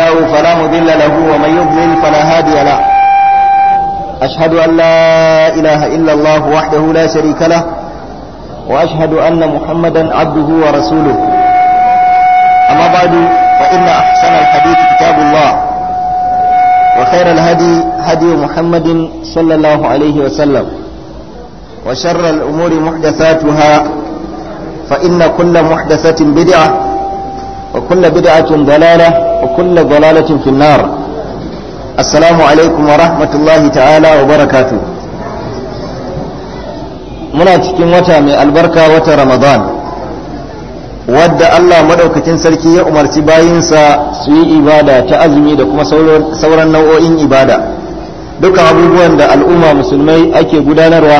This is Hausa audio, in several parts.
له فلا مضل له ومن يضلل فلا هادي له أشهد أن لا إله إلا الله وحده لا شريك له وأشهد أن محمدا عبده ورسوله أما بعد فإن أحسن الحديث كتاب الله وخير الهدي هدي محمد صلى الله عليه وسلم وشر الأمور محدثاتها فإن كل محدثة بدعة وكل بدعة ضلالة وكل ضلالة في النار السلام عليكم ورحمة الله تعالى وبركاته muna cikin wata mai albarka wata ramadan wadda allah maɗaukacin sarki ya umarci bayinsa su yi ibada ta azumi da kuma sauran nau'o'in ibada duka abubuwan da al'umma musulmai ake gudanarwa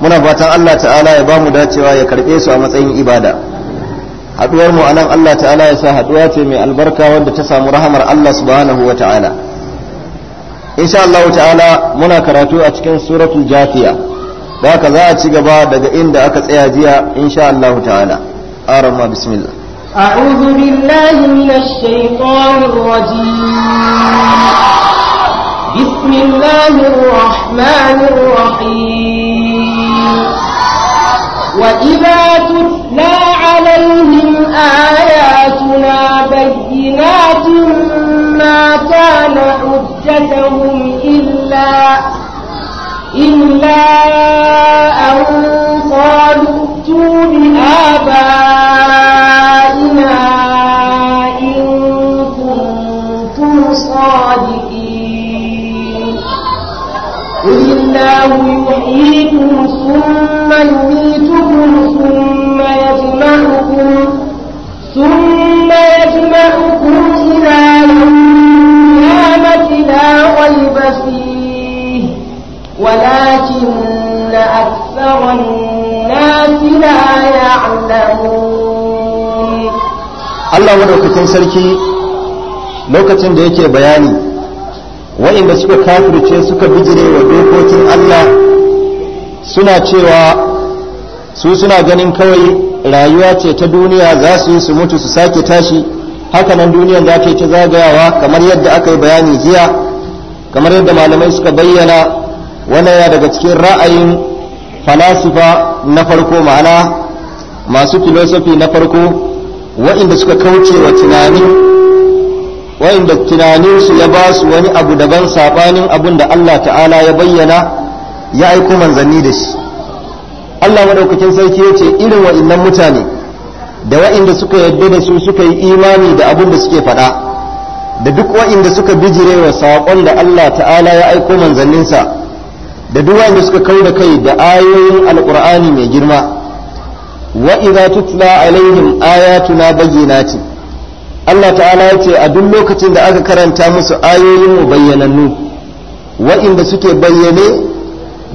muna fatan allah ta'ala ya ba mu dacewa ya karɓe su a matsayin ibada haduwar mu anan Allah ta'ala ya sa haduwa ce mai albarka wanda ta samu rahamar Allah subhanahu wa ta'ala insha Allah ta'ala muna karatu a cikin suratul jafiya da haka za a ci gaba daga inda aka tsaya jiya insha Allah ta'ala arama bismillah أعوذ بالله من الشيطان الرجيم بسم الله الرحمن الرحيم وإذا تتلى عليه آياتنا بينات ما كان حجتهم إلا إلا أن قالوا ائتوا بآبائنا إن كنتم صادقين قل الله يحييكم ثم يميتكم ثم ولكن أكثر الناس لا يعلمون الله سلكي lokacin da yake bayani waɗanda suka kafirce suka bijire wa dokokin Allah suna cewa su suna ganin kawai rayuwa ce ta duniya za su yi su mutu su sake tashi hakanan duniyan za ta yi ta zagayawa kamar yadda aka yi bayani jiya kamar yadda malamai suka bayyana wannan ya daga cikin ra'ayin falasifa na farko ma'ana masu filosofi na farko wa'inda suka kauce wa tunani wa'inda tunaninsu ya ba su wani abu daban saɓanin abin da Allah ta'ala ya bayyana ya aiko manzanni da shi Allah maɗaukakin sarki yace irin wa'innan mutane da wa'inda suka yadda da su suka yi imani da abin da suke faɗa da duk wa'inda suka bijirewa wa saƙon da Allah ta'ala ya aiko manzanninsa da duk wanda suka kau da kai da ayoyin alqur'ani mai girma wa idza tutla alaihim ayatuna bayyinati Allah ta'ala ya ce a duk lokacin da aka karanta musu ayoyin mu bayyanannu wa'inda suke bayyane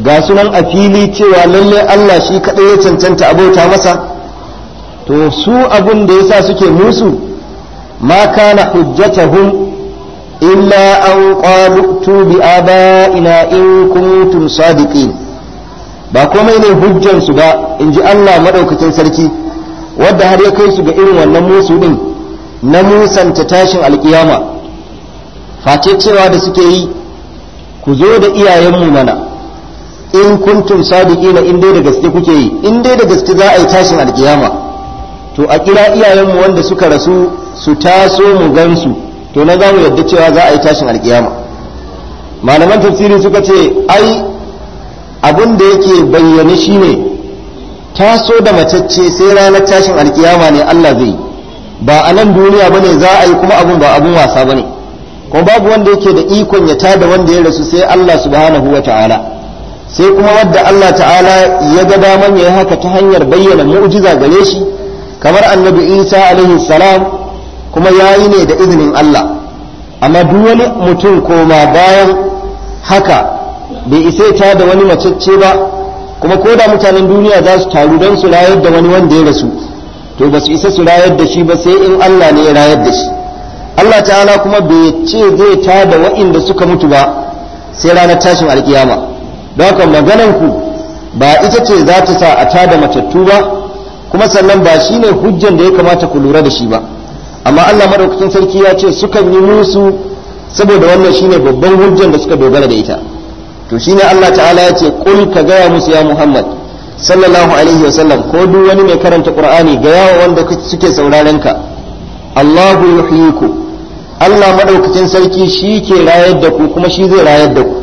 ga sunan a fili cewa lalle Allah shi kaɗai ya cancanta abota masa to su abun da yasa suke musu ma kana hujjatahum إلا an قالوا ائتوا بآبائنا إن كنتم صادقين ba komai ne hujjansu ba in ji Allah maɗaukacin sarki wadda har ya kai su ga irin wannan musu ɗin na musanta tashin alƙiyama face cewa da suke yi ku zo da iyayenmu mana in kuntum sadiqina in dai da gaske kuke yi in dai da gaske za a yi tashin alƙiyama to a kira iyayenmu wanda suka rasu su taso mu gansu to na za mu yadda cewa za a yi tashin alkiyama malaman tafsiri suka ce ai abin da yake bayyane shine taso da matacce sai ranar tashin alkiyama ne Allah zai ba a nan duniya bane za a yi kuma abun ba abun wasa bane kuma babu wanda yake da ikon ya ta da wanda ya rasu sai Allah subhanahu wa ta'ala sai kuma wadda Allah ta'ala ya ga daman ya haka ta hanyar bayyana mu'jiza gare shi kamar annabi Isa alaihi salam kuma ya yi ne da izinin Allah amma duk wani mutum koma bayan haka bai isa ta da wani macece ba kuma ko da mutanen duniya za su taru don su rayar da wani wanda ya rasu to ba su isa su rayar da shi ba sai in Allah ne ya rayar da shi Allah ta'ala kuma bai ce zai ta da wa'inda suka mutu ba sai ranar tashin alkiyama don haka maganan ku ba ita ce za ta sa a tada matattu ba kuma sannan ba shine hujjan da ya kamata ku lura da shi ba amma Allah madaukakin sarki ya ce suka yi musu saboda wannan shine babban hujjan da suka dogara da ita to shine Allah ta'ala ya ce qul ka gaya musu ya Muhammad sallallahu alaihi wa sallam ko duk wani mai karanta Qur'ani gaya wa wanda suke sauraron ka Allahu yuhyiku Allah madaukakin sarki shi ke rayar da ku kuma shi zai rayar da ku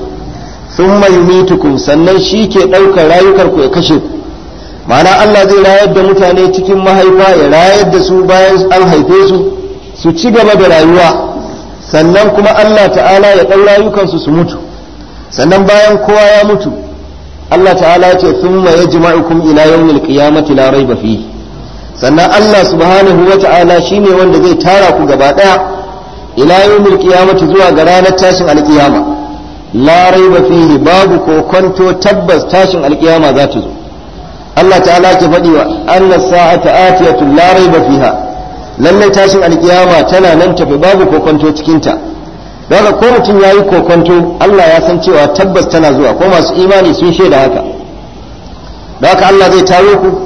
thumma yumitukum sannan shi ke rayukar rayukarku ya kashe ku ma'ana Allah zai rayar da mutane cikin mahaifa ya rayar da su bayan an haife su su ci gaba da rayuwa sannan kuma Allah ta'ala ya ɗau rayukansu su mutu sannan bayan kowa ya mutu Allah ta'ala ya ce thumma yajma'ukum ila yawmil qiyamati la rayba fihi sannan Allah subhanahu wa ta'ala shine wanda zai tara ku gaba daya ila yawmil qiyamati zuwa ga ranar tashin alkiyama la rayba fihi babu kokonto tabbas tashin alkiyama za ta zo Allah ta'ala ke faɗi wa anna sa'ata atiyatun la raiba fiha lallai tashin alkiyama tana nan tafi babu kokonto cikinta daga ko mutum ya yi kokonto Allah ya san cewa tabbas tana zuwa ko masu imani sun shaida haka Da haka Allah zai taro ku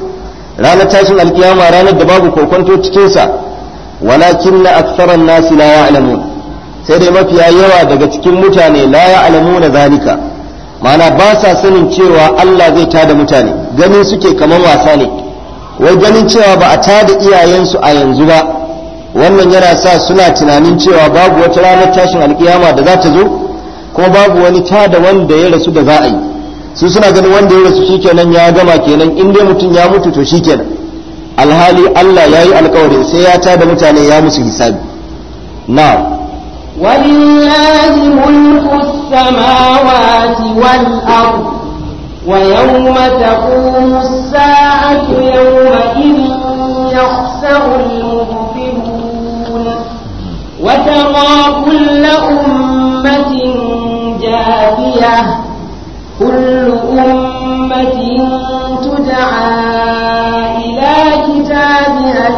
ranar tashin alkiyama ranar da babu kokonto cikinsa walakin na aksaran nasi la ya'lamun sai dai mafiya yawa daga cikin mutane la na zalika mana ba sa sanin cewa Allah zai tada mutane ganin suke kamar wasa ne wai ganin cewa ba a tada iyayensu a yanzu ba wannan yana sa suna tunanin cewa babu wata ranar tashin alkiyama da za ta zo kuma babu wani tada wanda ya rasu da za a yi su suna ganin wanda ya rasu shikenan ya gama kenan in dai mutum ya mutu to shikenan alhali Allah ya yi alkawarin sai ya tada mutane ya musu hisabi na walillahi mulku السماوات والأرض ويوم تقوم الساعة يومئذ يخسر المبطلون وترى كل أمة جاهية كل أمة تدعى إلى كتابها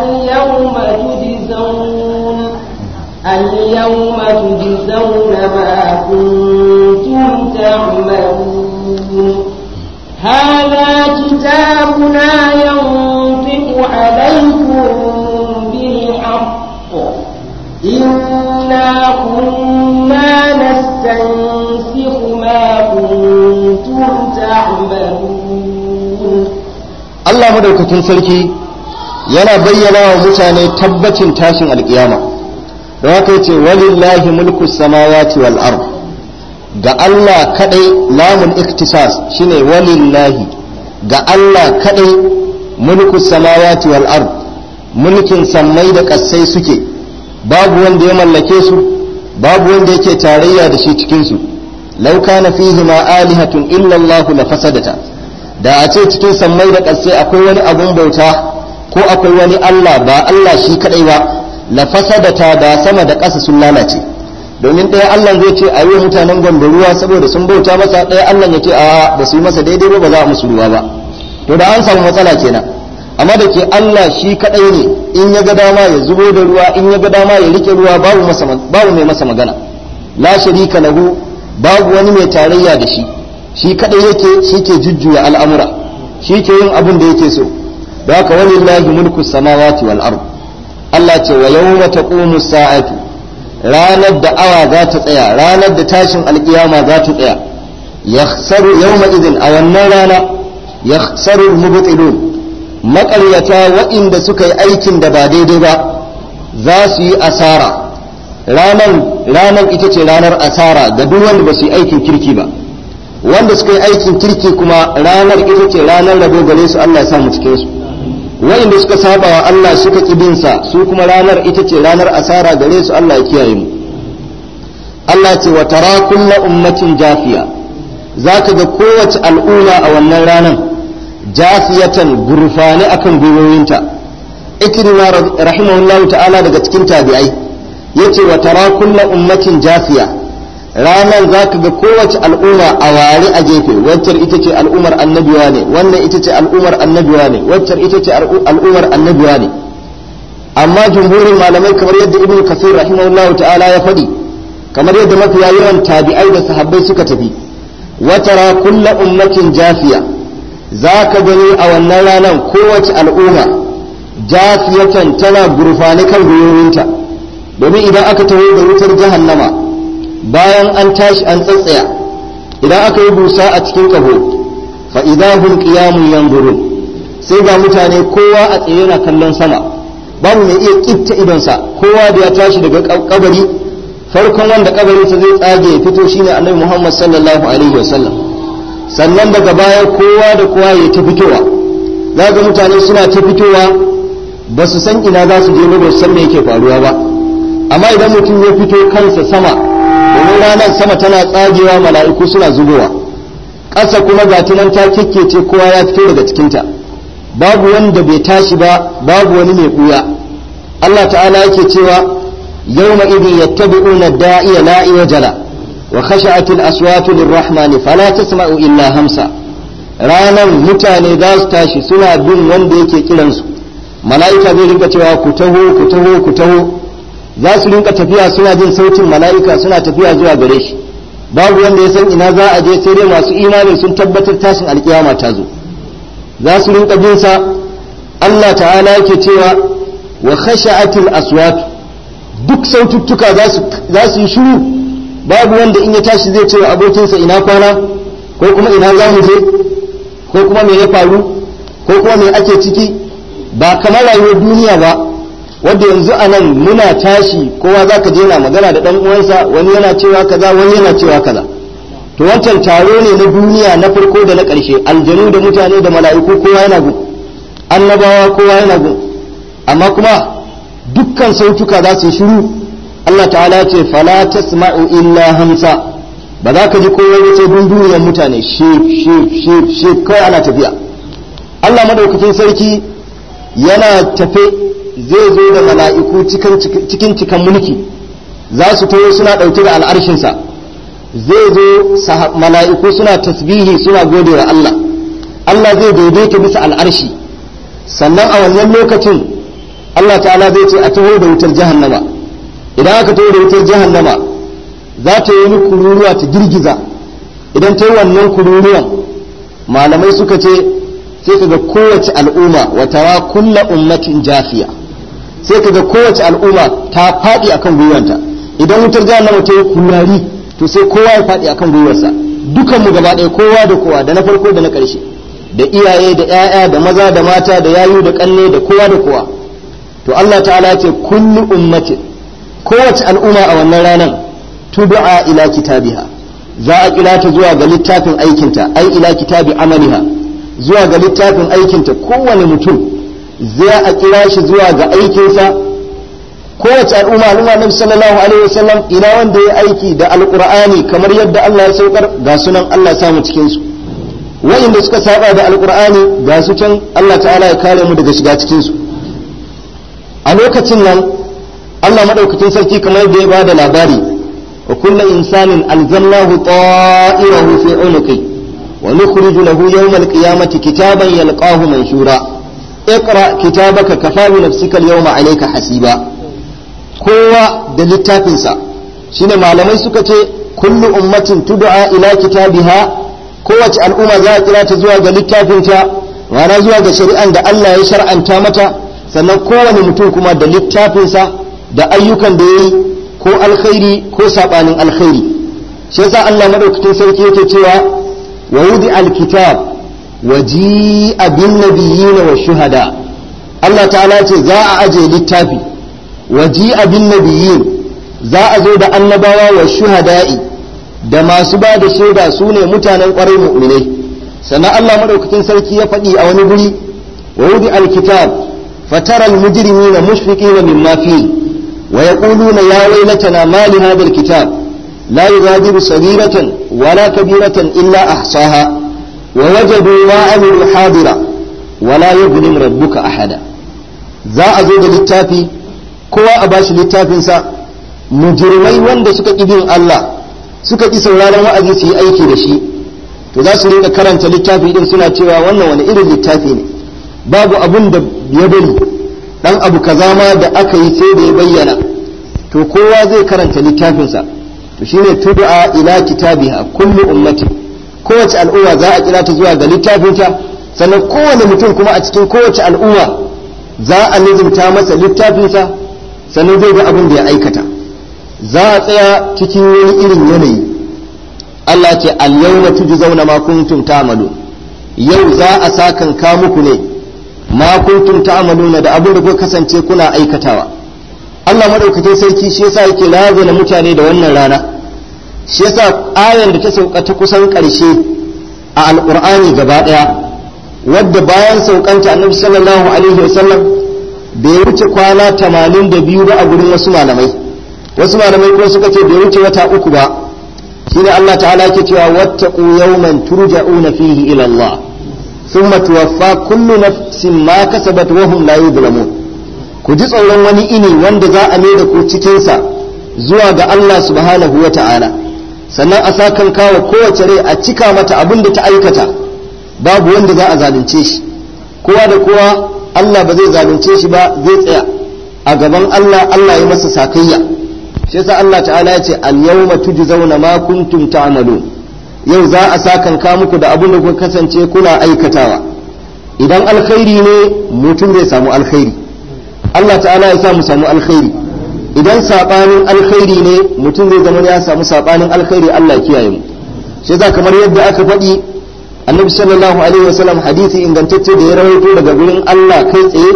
اليوم تجزون ما كنتم تعملون هذا كتابنا ينطق عليكم بالحق إنا كنا نستنسخ ما كنتم تعملون الله مدوكتين سلكي yana bayyana wa mutane tabbacin tashin alkiyama da haka ce walillahi mulku samawati wal ard ga Allah kadai lamun iktisas shine walillahi ga Allah kadai mulku samawati wal ard mulkin sammai da kassai suke babu wanda ya mallake su babu wanda yake tarayya da shi cikin su law kana fihi ma alihatun illa Allah la fasadata da a ce cikin sammai da kassai akwai wani abun bauta ko akwai wani Allah ba Allah shi kadai ba la fasadata da sama da ƙasa sun lalace domin ɗaya Allah zai ce a yi wa mutanen gambe ruwa saboda sun bauta masa ɗaya allan ya ce a ba su yi masa daidai ba ba za a musu ruwa ba to da an samu matsala kenan amma da ke Allah shi kaɗai ne in ya ga dama ya zubo da ruwa in ya ga dama ya rike ruwa babu mai masa magana la sharika lahu babu wani mai tarayya da shi shi kaɗai yake shi ke jujjuya al'amura shi ke yin abin da yake so da haka wani lahi mulkus samawati wal ardh Allah ce wa yawma taqumu sa'atu ranar da awa za ta tsaya ranar da tashin alƙiyama za ta tsaya yau yawma idin a wannan rana yakhsaru mubtilun maƙaryata waɗanda suka yi aikin da ba daidai ba za su yi asara ranar ranar ita ce ranar asara ga duk wanda ba su yi aikin kirki ba wanda suka yi aikin kirki kuma ranar ita ce ranar rabo gare su Allah ya sa mu cikin su wa'inda suka saba wa Allah suka kibinsa su kuma ranar ita ce ranar asara gare su Allah ya kiyaye mu Allah ce wa tara kullu ummatin jafiya zaka ga kowace al'umma a wannan ranar jafiyatan gurfani akan gwiwoyinta ikrima rahimahullahu ta'ala daga cikin tabi'ai yace wa tara kullu ummatin jafiya ranar za ka ga kowace al'umma a ware a gefe wancan ita ce al'ummar annabiwa ne wannan ita ce al'ummar annabiwa ne wancan ita ce al'ummar annabiwa ne amma jumhurin malamai kamar yadda ibnu kasir rahimahullahu ta'ala ya faɗi kamar yadda mafiya yawan tabi'ai da sahabbai suka tafi watara kulla ummatin jafiya za ka gani a wannan ranar kowace al'umma jafiyatan tana gurfane kan gwiwoyinta domin idan aka taho da wutar jahannama bayan an tashi an tsantsaya idan aka yi busa a cikin kaho fa idan kiyamun qiyamun yanzurun sai ga mutane kowa a tsaye yana kallon sama babu mai iya kitta idonsa kowa da ya tashi daga kabari farkon wanda ta zai tsage ya fito shine annabi Muhammad sallallahu alaihi wasallam sannan daga baya kowa da kowa ya ta fitowa za ga mutane suna ta fitowa ba su san ina za su je ba ba su san me yake faruwa ba amma idan mutum ya fito kansa sama domin ranar sama tana tsagewa mala'iku suna zubowa ƙasa kuma ga nan ta kekkece kowa ya fito daga cikinta babu wanda bai tashi ba babu wani mai buya. Allah ta'ala yake cewa yawma idin yattabi'una da'iya la iwajala wa khasha'atil aswatu lirrahmani fala tasma'u illa hamsa ranar mutane za su tashi suna bin wanda yake kiransu mala'ika zai rinka cewa ku taho ku taho ku taho za su rinka tafiya suna jin sautin mala'ika suna tafiya zuwa gare shi babu wanda ya san ina za a je sai dai masu imanin sun tabbatar tashin alkiyama ta zo za su rinka jin sa Allah ta'ala yake cewa wa khasha'atil aswat duk saututtuka za su yi shiru babu wanda in ya tashi zai cewa abokinsa ina kwana ko kuma ina za mu je ko kuma me ya faru ko kuma me ake ciki ba kamar rayuwar duniya ba wanda yanzu a nan muna tashi kowa za ka je na magana da ɗan uwansa wani yana cewa kaza wani yana cewa kaza to wancan taro ne na duniya na farko da na ƙarshe aljanu da mutane da mala'iku kowa yana gun annabawa kowa yana gun amma kuma dukkan sautuka za su shiru Allah ta'ala ce fala tasma'u illa hamsa ba za ka ji kowa ya ce dunduniyar mutane shif shif shif kawai ana tafiya Allah madaukakin sarki yana tafe zai zo da mala'iku cikin cikin mulki za su taho suna ɗauke da al'arshinsa zai zo mala'iku suna tasbihi suna gode wa Allah Allah zai daidaita bisa al'arshi sannan a wannan lokacin Allah ta'ala zai ce a taho da wutar jahannama idan aka taho da wutar jahannama za ta yi wani kururuwa ta girgiza idan ta yi wannan kururuwan malamai suka ce sai ka ga kowace al'umma wata wa kulla ummatin jafiya sai ka ga kowace al'umma ta faɗi akan gwiwanta idan wutar jahannama ta yi kulari to sai kowa ya faɗi akan gwiwarsa dukan mu gaba ɗaya kowa da kowa da na farko da na ƙarshe da iyaye da ƴaƴa da maza da mata da yayu da ƙanne da kowa da kowa to Allah ta'ala ce kullu ummati kowace al'umma a wannan ranar tud'a ila kitabiha za a kira ta zuwa ga littafin aikinta ai ila kitabi amaliha zuwa ga littafin aikinta kowane mutum zai a kira shi zuwa ga aikinsa kowace al'umma al'umma nabi sallallahu alaihi wasallam ina wanda ya aiki da alqur'ani kamar yadda Allah ya saukar ga sunan Allah ya samu cikin su wa'inda suka saba da alqur'ani ga su can Allah ta'ala ya kare mu daga shiga cikin su a lokacin nan Allah madaukakin sarki kamar yadda ya bada labari wa kullu insanin alzamnahu ta'irahu fi unuqi wa nukhriju lahu yawmal qiyamati kitaban yalqahu manshura iqra kitabaka kafa bi nafsika al-yawma alayka hasiba kowa da littafinsa shine malamai suka ce kullu ummatin tud'a ila kitabiha kowace al'umma za a kira ta zuwa ga littafin ta ma'ana zuwa ga shari'an da Allah ya shar'anta mata sannan kowane mutum kuma da littafinsa da ayyukan da yayi ko alkhairi ko sabanin alkhairi shi yasa Allah madaukakin sarki yake cewa wa alkitab waji abin nabiyina wa shuhada Allah ta'ala ce za a aje littafi waji abin nabiyin za a zo da annabawa wa shuhada'i da masu ba da shaida su ne mutanen kwarai mu'minai sannan Allah madaukakin sarki ya faɗi a wani guri wa wudi alkitab fatara almujrimina na mimma fihi wa yaquluna ya waylatana ma li hadha alkitab la yughadiru saghiratan wala kabiratan illa ahsaha ووجدوا وعملوا حاضرا ولا يظلم ربك أحدا za a zo da littafi kowa a bashi littafinsa mujirmai wanda suka ƙi bin Allah suka ƙi sauraron wa'azi su yi aiki da shi to za su rinka karanta littafi din suna cewa wannan wani irin littafi ne babu abun da ya bari dan abu kaza ma da aka yi sai da ya bayyana to kowa zai karanta littafinsa to shine tud'a ila kitabiha kullu ummatin kowace al'umma za a kira ta zuwa ga littafinta sannan kowane mutum kuma a cikin kowace al'umma za a nizumta masa littafinsa sannan zai ga abin da ya aikata za a tsaya cikin wani irin yanayi Allah ce al-yawma tujzauna ma kuntum ta'malu yau za a sa ka muku ne ma kuntum ta'maluna da abin da kuka kasance kuna aikatawa Allah madaukake sarki shi yasa yake na mutane da wannan rana shi yasa ayar da ta sauka ta kusan ƙarshe a alƙur'ani gaba ɗaya wadda bayan saukanta annabi sallallahu alaihi wasallam bai wuce kwana tamanin da biyu ba a gurin wasu malamai wasu malamai kuma suka ce bai wuce wata uku ba shi ne Allah ta'ala ke cewa wattaqu yawman turja'una fihi ila Allah matuwa fa kullu nafsin ma kasa wa hum la yuzlamun ku ji tsoron wani ini wanda za a mai da ku cikinsa zuwa ga Allah subhanahu wa ta'ala sannan a sa sakan kawo kowace rai a cika mata abin da ta aikata babu wanda za a zalunce shi kowa da kowa Allah ba zai zalunce shi ba zai tsaya a gaban Allah Allah ya masa sakayya shi yasa Allah ta'ala ya ce al-yawma tujzauna ma kuntum ta'malun yau za a sakan ka muku da abin da kuka kasance kuna aikatawa idan alkhairi ne mutum zai samu alkhairi Allah ta'ala ya sa mu samu alkhairi idan sabanin alkhairi ne mutum zai zama ya samu sabanin alkhairi Allah kiyaye mu shi za kamar yadda aka faɗi annabi sallallahu alaihi wasallam hadisi ingantacce da ya rawaito daga gurin Allah kai tsaye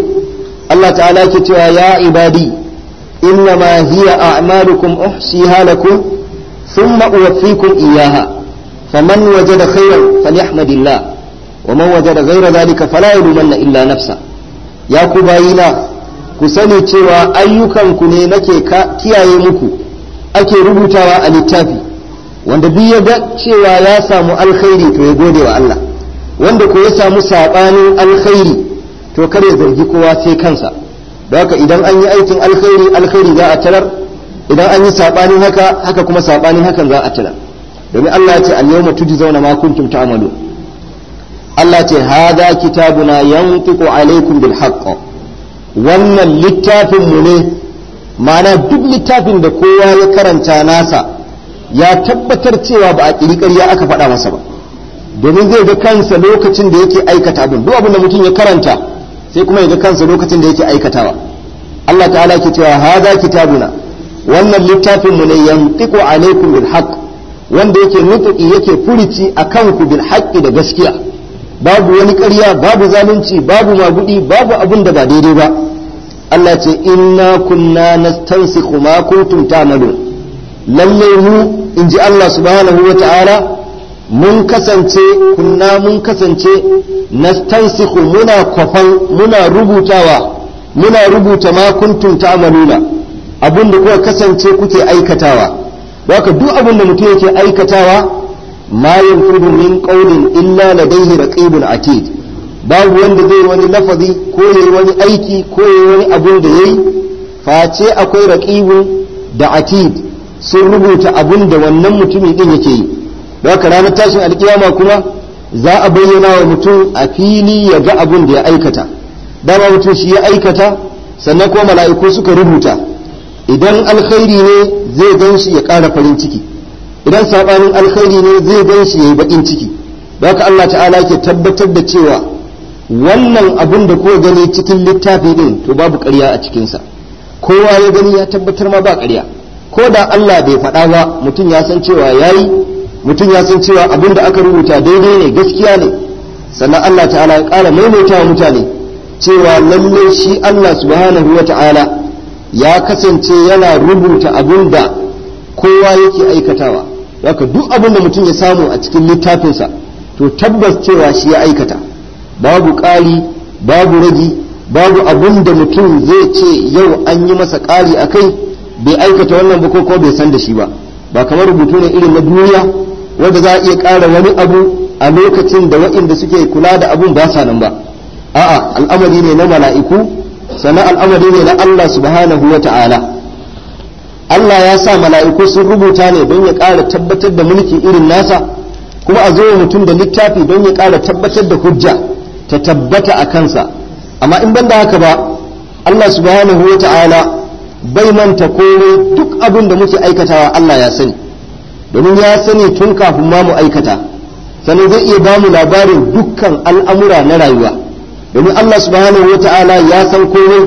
Allah ta'ala ke cewa ya ibadi inna ma hiya a'malukum uhsiha lakum thumma uwaffikum iyyaha faman wajada khairan falyahmadillah wa man wajada ghayra dhalika fala yalumanna illa nafsa ya ku bayina ku sani cewa ayyukanku ne nake kiyaye muku ake rubutawa a littafi wanda duk ya ga cewa ya samu alkhairi to ya gode wa Allah wanda ko ya samu sabanin alkhairi to kare zargi kowa sai kansa don haka idan an yi aikin alkhairi alkhairi za a tarar idan an yi sabanin haka haka kuma sabanin hakan za a tarar domin Allah ce al-yawma tujzauna ma kuntum ta'malun Allah ce hadha kitabuna yantiqu alaykum bil haqq wannan littafin mu ne ma'ana duk littafin da kowa ya karanta nasa ya tabbatar cewa ba a ƙirƙar ya aka faɗa masa ba domin zai ga kansa lokacin da yake aikata abin duk abin da mutum ya karanta sai kuma ya ga kansa lokacin da yake aikatawa Allah ta'ala ke cewa haza kitabuna wannan littafin mu ne yantiqu alaikum bil haqq wanda yake nutuki yake furici akan ku bil haqqi da gaskiya babu wani ƙarya babu zalunci babu magudi babu abin da ba daidai ba Allah ce inna kunna nastansikhu ma kuntum ta'malu lalle mu inji Allah subhanahu wata'ala mun kasance kunna mun kasance nastansikhu muna kwafan muna rubutawa muna rubuta ma kuntum ta'maluna abin da kuka kasance kuke aikatawa baka duk abin da mutum yake aikatawa ma yanfudu min qawlin illa ladayhi raqibun atid babu wanda zai wani lafazi ko yayi wani aiki ko yayi wani abun da yayi face akwai raqibun da atid sun rubuta abun da wannan mutumin din yake yi haka ranar tashin alkiyama kuma za a bayyana wa mutum a fili ya ga abun da ya aikata dama mutum shi ya aikata sannan kuma mala'iku suka rubuta idan alkhairi ne zai gan shi ya ƙara farin ciki idan sabanin alkhairi ne zai gan shi yi bakin ciki don haka Allah ta'ala ke tabbatar da cewa wannan abin da kowa gani cikin littafi din to babu ƙarya a cikinsa kowa ya gani ya tabbatar ma ba ƙarya ko da Allah bai faɗa ba mutum ya san cewa yayi mutum ya san cewa abin da aka rubuta daidai ne gaskiya ne sannan Allah ta'ala ya ƙara maimaita wa mutane cewa lalle shi Allah subhanahu wa ta'ala ya kasance yana rubuta abin da kowa yake aikatawa haka duk abin da mutum ya samu a cikin littafinsa to tabbas cewa shi ya aikata babu ƙari babu ragi babu abin da mutum zai ce yau an yi masa ƙari a kai bai aikata wannan ba ko bai san da shi ba ba kamar rubutu ne irin na duniya wanda za a iya ƙara wani abu a lokacin da waɗanda suke kula da abun ba sa nan ba a'a al'amari ne na mala'iku sannan al'amari ne na Allah subhanahu wa ta'ala Allah ya sa mala'iku sun rubuta ne don ya ƙara tabbatar da mulkin irin nasa kuma a zo mutum da littafi don ya ƙara tabbatar da hujja ta tabbata a kansa amma in ban da haka ba Allah subhanahu wa ta'ala bai manta komai duk abin da muke aikatawa Allah ya sani domin ya sani tun kafin ma mu aikata sannan zai iya ba mu labarin dukkan al'amura na rayuwa domin Allah subhanahu wa ta'ala ya san komai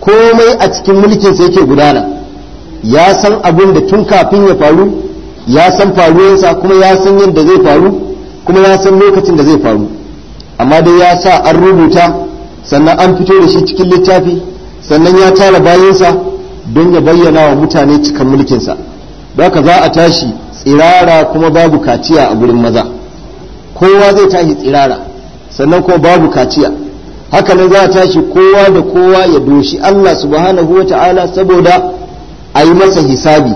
komai a cikin mulkinsa yake gudana ya san abin da tun kafin ya faru ya san faruwarsa kuma ya san yadda zai faru kuma ya san lokacin da zai faru amma dai ya sa an rubuta sannan an fito da shi cikin littafi sannan ya tara bayansa don ya bayyana wa mutane cikin mulkinsa haka za a tashi tsirara kuma babu kaciya a gurin maza kowa zai tashi tsirara sannan kuma babu kaciya haka nan za a tashi kowa da kowa ya doshi Allah subhanahu wa ta'ala saboda a yi masa hisabi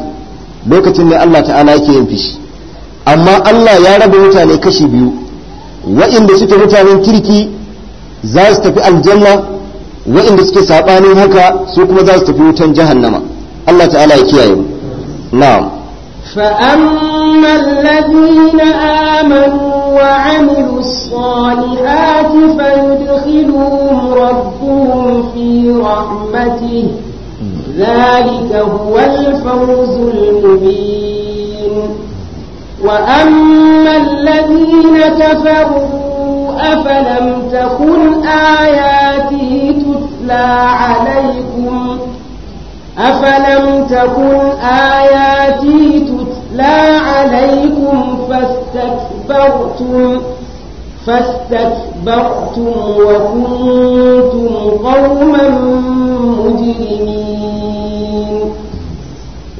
lokacin mai Allah ta'ala yake yin fishi amma Allah ya raba mutane kashi biyu wa'inda suke mutanen kirki za su tafi aljanna wa'inda suke sabanin haka su kuma za su tafi wutan jahannama Allah ta'ala ya kiyaye mu na'am فأما الذين آمنوا وعملوا الصالحات فيدخلهم ربهم في رحمته ذلك هو الفوز المبين وأما الذين كفروا أفلم تكن آياتي تتلى عليكم أفلم تكن آياتي تتلى عليكم فاستكبرتم فاستكبرتم وكنتم قوما مجرمين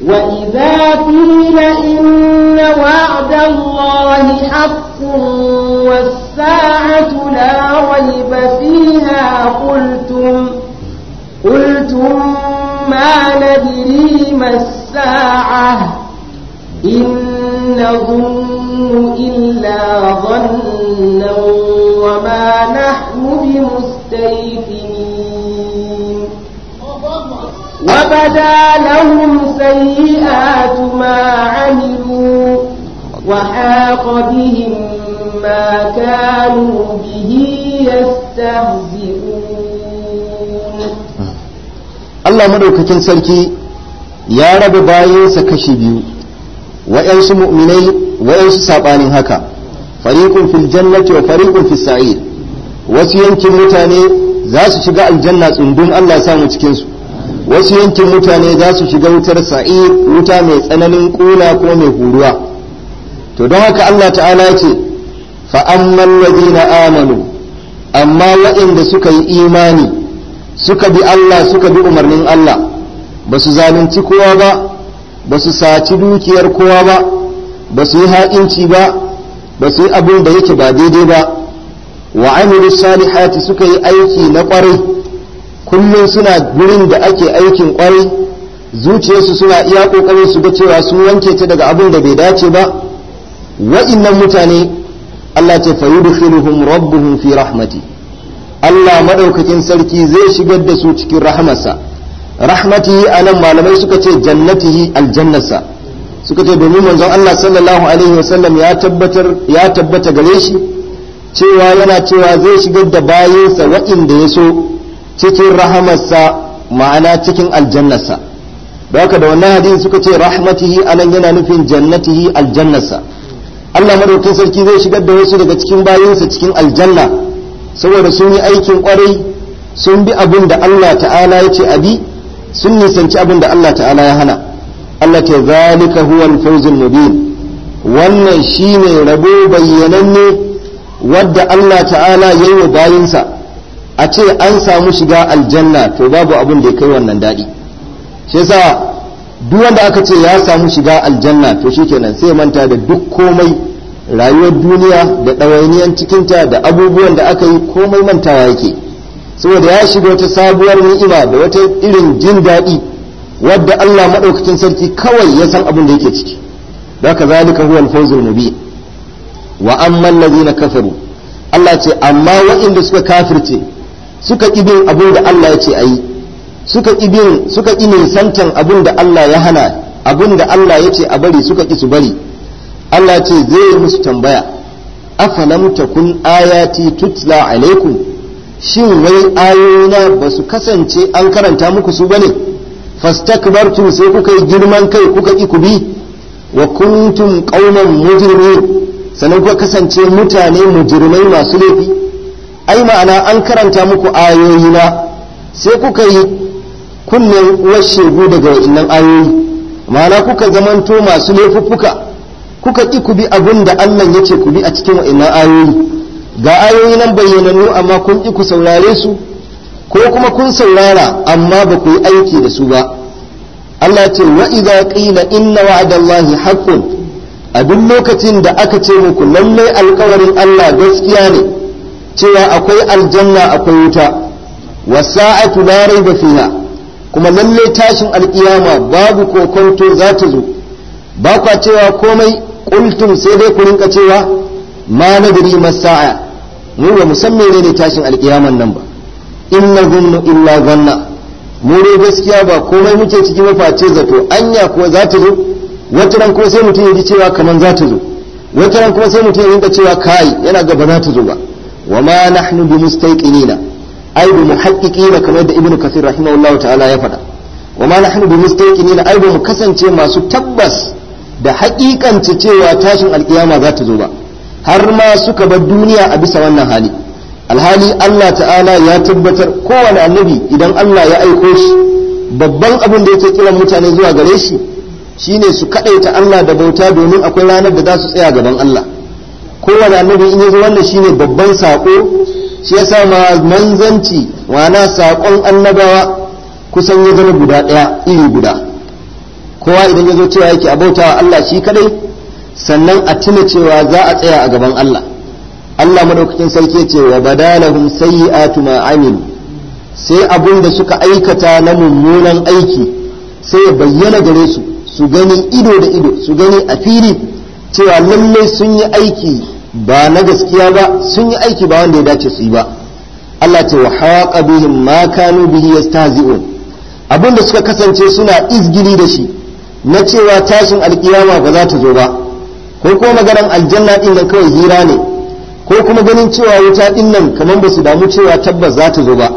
وإذا قيل إن وعد الله حق والساعة لا ريب فيها قلتم قلتم ما ندري ما الساعة إن نظن إلا ظنا وما نحن بمستيقنين وبدا لهم سيئات ما عملوا وحاق بهم ما كانوا به يستهزئون الله مدوكتين سركي يا رب باين سكشي بيو وإنسو مؤمني وإنسو ساباني هكا فريق في الجنة وفريق في السعير wasu yankin mutane za su shiga aljanna tsundun Allah samu cikinsu wasu yankin mutane za su shiga wutar sa'ir wuta mai tsananin kula ko mai huruwa to don haka Allah ta'ala ce fa'amman ladina amanu amma waɗanda suka yi imani suka bi Allah suka bi umarnin Allah ba su zalunci kowa ba ba su saci dukiyar kowa ba ba su yi haƙinci ba ba su yi abin da yake ba daidai ba wa amilu salihati suka yi aiki na ƙwarai kullum suna gurin da ake aikin kwarai zuciyarsu suna iya kokarin su ga cewa su wanke ta daga abin da bai dace ba wa'innan mutane Allah ce fa yudkhiluhum rabbuhum fi rahmati Allah madaukakin sarki zai shigar da su cikin rahmarsa rahmatihi anan malamai suka ce jannatihi aljannasa suka ce domin manzon Allah sallallahu alaihi wasallam ya tabbatar ya tabbata gare shi cewa yana cewa zai shigar da bayinsa wa'inda ya so cikin rahamarsa ma'ana cikin aljannarsa da da wannan hadisi suka ce rahmatihi anan yana nufin jannatihi aljannarsa Allah madaukakin sarki zai shigar da wasu daga cikin bayinsa cikin aljanna saboda sun yi aikin kwarai sun bi abin da Allah ta'ala ya ce abi sun nisanci abin da Allah ta'ala ya hana Allah ta zalika huwa al-fawzul mubin wannan shine rabo bayyananne wadda Allah ta'ala yayi wa bayinsa a ce an samu shiga aljanna to babu abin da ya kai wannan daɗi shi yasa duk wanda aka ce ya samu shiga aljanna to shikenan sai manta da duk komai rayuwar duniya da ɗawainiyar cikinta da abubuwan da aka yi komai mantawa yake saboda ya shiga wata sabuwar ni'ima da wata irin jin daɗi wadda Allah maɗaukacin sarki kawai ya san abin da yake ciki da ka zalika huwa alfawzul mubin wa amma allazina kafaru Allah ce amma waɗanda suka kafirce suka ƙi abin da Allah ya ce a yi suka suka ƙi nisantan abin da Allah ya hana abin da Allah ya ce a bari suka ƙi su bari Allah ce zai yi musu tambaya afalam takun ayati tutla alaikum shin wai ayoyina ba su kasance an karanta muku su bane fastakbartum sai kuka yi girman kai kuka ƙi ku bi wa kuntum qauman mujrimin sanan kuka kasance mutane mujrimai masu laifi ai ma'ana an karanta muku ayoyi na sai kuka yi kunnen washegu daga wa'inan ayoyi ma'ana kuka zamanto masu laifuffuka kuka ki ku bi abin da Allah ya ce ku bi a cikin wa'innan ayoyi ga ayoyi nan bayyanannu amma kun ki ku saurare su ko kuma kun saurara amma ba ku yi aiki da su ba Allah ce wa idza qila inna wa'dallahi haqqun a duk lokacin da aka ce muku lallai alƙawarin Allah gaskiya ne cewa akwai aljanna akwai wuta wasa'atu la raiba fiha kuma lalle tashin alkiyama babu kokonto za ta zo ba kwa cewa komai kultum sai dai ku rinka cewa ma nadri masa'a mu ba musamman ne tashin alkiyaman nan ba in illa zanna mu dai gaskiya ba komai muke ciki maface zato anya kuwa za ta zo wata ran kuma sai mutum ya ji cewa kaman za ta zo wata ran kuma sai mutum ya rinka cewa kai yana gaba za ta zo ba wa ma nahnu bi mustaqinina ai bi muhaqqiqina kamar da ibnu kathir rahimahullahu ta'ala ya faɗa wa ma nahnu bi mustaqinina ai mu kasance masu tabbas da haƙiƙanci cewa tashin alƙiyama za ta zo ba har ma suka bar duniya a bisa wannan hali alhali Allah ta'ala ya tabbatar kowane annabi idan Allah ya aiko shi babban abin da yake kiran mutane zuwa gare shi shine su kaɗaita Allah da bauta domin akwai ranar da za su tsaya gaban Allah kowane annabi in yazo wannan shine babban sako shi yasa ma manzanci wana sakon annabawa kusan ya zama guda daya iri guda kowa idan yazo cewa yake wa Allah shi kadai sannan a tuna cewa za a tsaya a gaban Allah Allah madaukakin sarki ya ce wa badalahum sayyi'atu ma amilu sai abun da suka aikata na mummunan aiki sai ya bayyana gare su su gani ido da ido su gani a fili cewa lallai sun yi aiki ba na gaskiya ba sun yi aiki ba wanda ya dace su yi ba Allah ta wa haqa bihim ma kanu bihi yastahzi'un abinda suka kasance suna izgiri da shi na cewa tashin alkiyama ba za ta zo ba ko kuma maganar aljanna din nan kawai hira ne ko kuma ganin cewa wuta din nan kamar ba su damu cewa tabbas za ta zo ba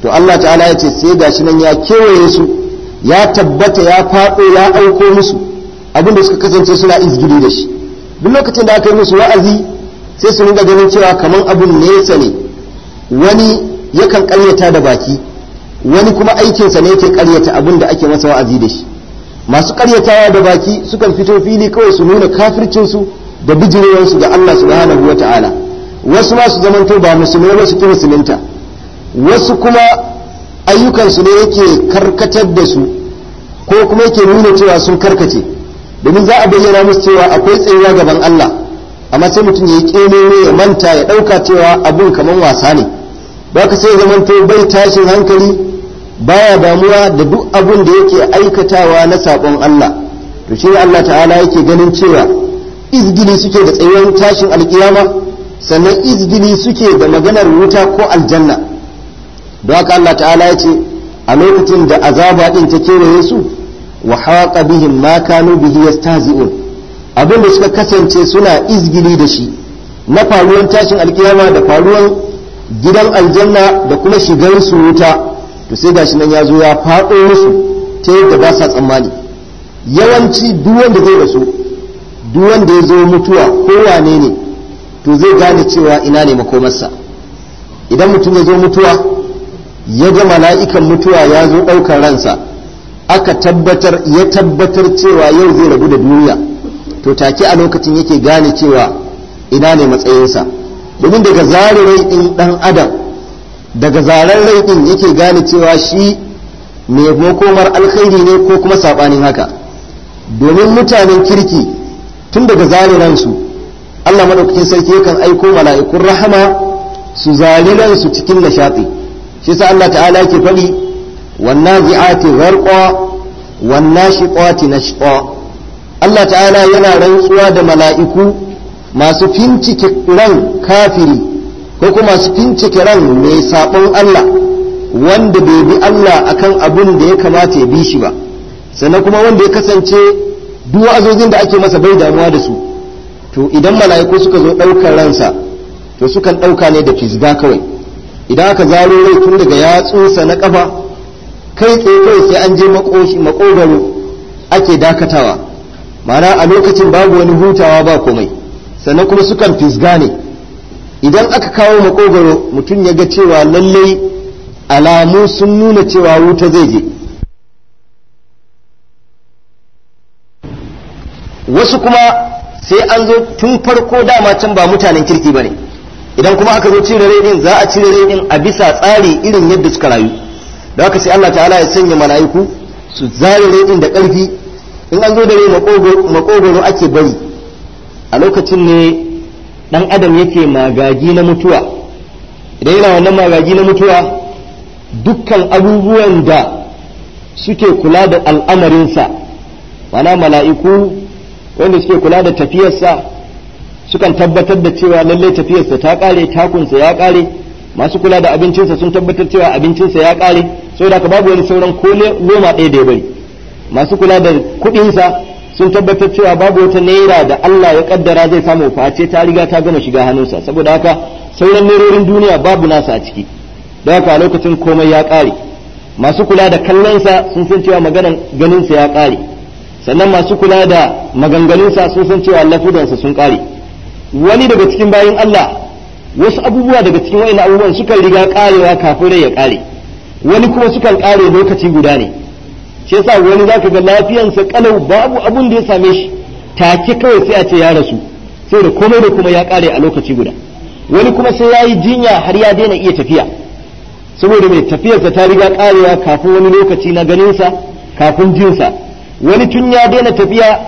to Allah ta'ala ya ce sai gashi nan ya kewaye su ya tabbata ya faɗo ya auko musu abinda suka kasance suna izgiri da shi duk lokacin da aka yi musu wa'azi sai su ringa ganin cewa kamar abun nesa ne wani yakan karyata da baki wani kuma aikinsa ne yake karyata abin da ake masa wa'azi da shi masu karyatawa da baki sukan fito fili kawai su nuna kafircinsu da bijirewarsu ga Allah subhanahu wata'ala wasu ma su zamanto ba musulmai ba su ki musulunta wasu kuma ayyukansu ne yake karkatar da su ko kuma yake nuna cewa sun karkace domin za a bayyana musu cewa akwai tsayuwa gaban Allah amma sai mutum ya ne ya manta ya ɗauka cewa abun kamar wasa ne ba ka sai to bai tashin hankali baya damuwa da duk abun da yake aikatawa na saƙon Allah to shi Allah ta'ala yake ganin cewa izgini suke da tsayuwar tashin alkiyama sannan izgini suke da maganar wuta ko aljanna don haka Allah ta'ala ya ce a lokacin da azaba din ta kewaye su wa haqa bihim ma kanu bihi yastahzi'un abin da suka kasance suna izgili da shi na faruwan tashin alkiyama da faruwan gidan aljanna da kuma shigar su wuta to sai gashi nan ya zo ya faɗo musu ta yadda ba sa tsammani yawanci duk wanda zai rasu duk wanda ya zo mutuwa ko wane ne to zai gane cewa ina ne makomarsa idan mutum ya zo mutuwa ya ga mala'ikan mutuwa ya zo ɗaukar ransa aka tabbatar ya tabbatar cewa yau zai rabu da duniya to take a lokacin yake gane cewa ina ne matsayinsa domin daga zare rai din ɗan adam daga zaren rai ɗin yake gane cewa shi mai makomar alkhairi ne ko kuma saɓanin haka domin mutanen kirki tun daga zare ransu allah madaukakin sarki yakan aiko mala'ikun rahama su zari ransu cikin nishaɗi shi sa allah ta'ala yake faɗi wannazi'ati gharqa wannashiqati nashqa Allah ta'ala yana rantsuwa da mala'iku masu fincike ran kafiri ko masu fincike ran mai sabon Allah wanda bai bi Allah akan abin da ya kamata ya bi shi ba sannan kuma wanda ya kasance duk azozin da ake masa bai damuwa da su to idan mala'iku suka zo ɗaukar ransa to sukan ɗauka ne da fizga kawai idan aka zaro rai tun daga yatsunsa na ƙafa kai tsaye sai an je makogaro ake dakatawa ma'ana a lokacin babu wani hutawa ba komai sannan kuma sukan fisga ne idan aka kawo makogaro mutum ya ga cewa lallai alamu sun nuna cewa wuta zai je wasu kuma sai an zo tun farko dama can ba mutanen kirki ba ne idan kuma aka zo cire rainin za a cire rainin a bisa tsari irin yadda suka rayu da haka sai Allah ta'ala ya sanya mala'iku su zare redin da ƙarfi in an zo da rai makogoro ake bari a lokacin ne dan adam yake magagi na mutuwa idan yana wannan magagi na mutuwa dukkan abubuwan da suke kula da al'amarinsa mana mala'iku wanda suke kula da tafiyarsa sukan tabbatar da cewa lallai tafiyarsa ta ƙare takunsa ya kare masu kula da abincinsa sun tabbatar cewa abincinsa ya kare saboda ka babu wani sauran kole goma ɗaya da ya bari masu kula da kuɗinsa sun tabbatar cewa babu wata naira da Allah ya kaddara zai samu face ta riga ta gama shiga hannunsa saboda haka sauran nerorin duniya babu nasa a ciki da haka a lokacin komai ya ƙare masu kula da kallonsa sun san cewa maganan ganinsa ya ƙare sannan masu kula da maganganunsa sun san cewa lafudansa sun ƙare wani daga cikin bayin Allah wasu abubuwa daga cikin wa'in abubuwan suka riga ƙarewa kafin rai ya ƙare wani kuma sukan kare lokaci guda ne shi yasa wani zaka ga lafiyan sa kalau babu abun da ya same shi take kawai sai a ce ya rasu sai da komai da kuma ya kare a lokaci guda wani kuma sai yayi jinya har ya daina iya tafiya saboda mai tafiyarsa ta riga karewa kafin wani lokaci na ganinsa kafin jinsa wani tun ya daina tafiya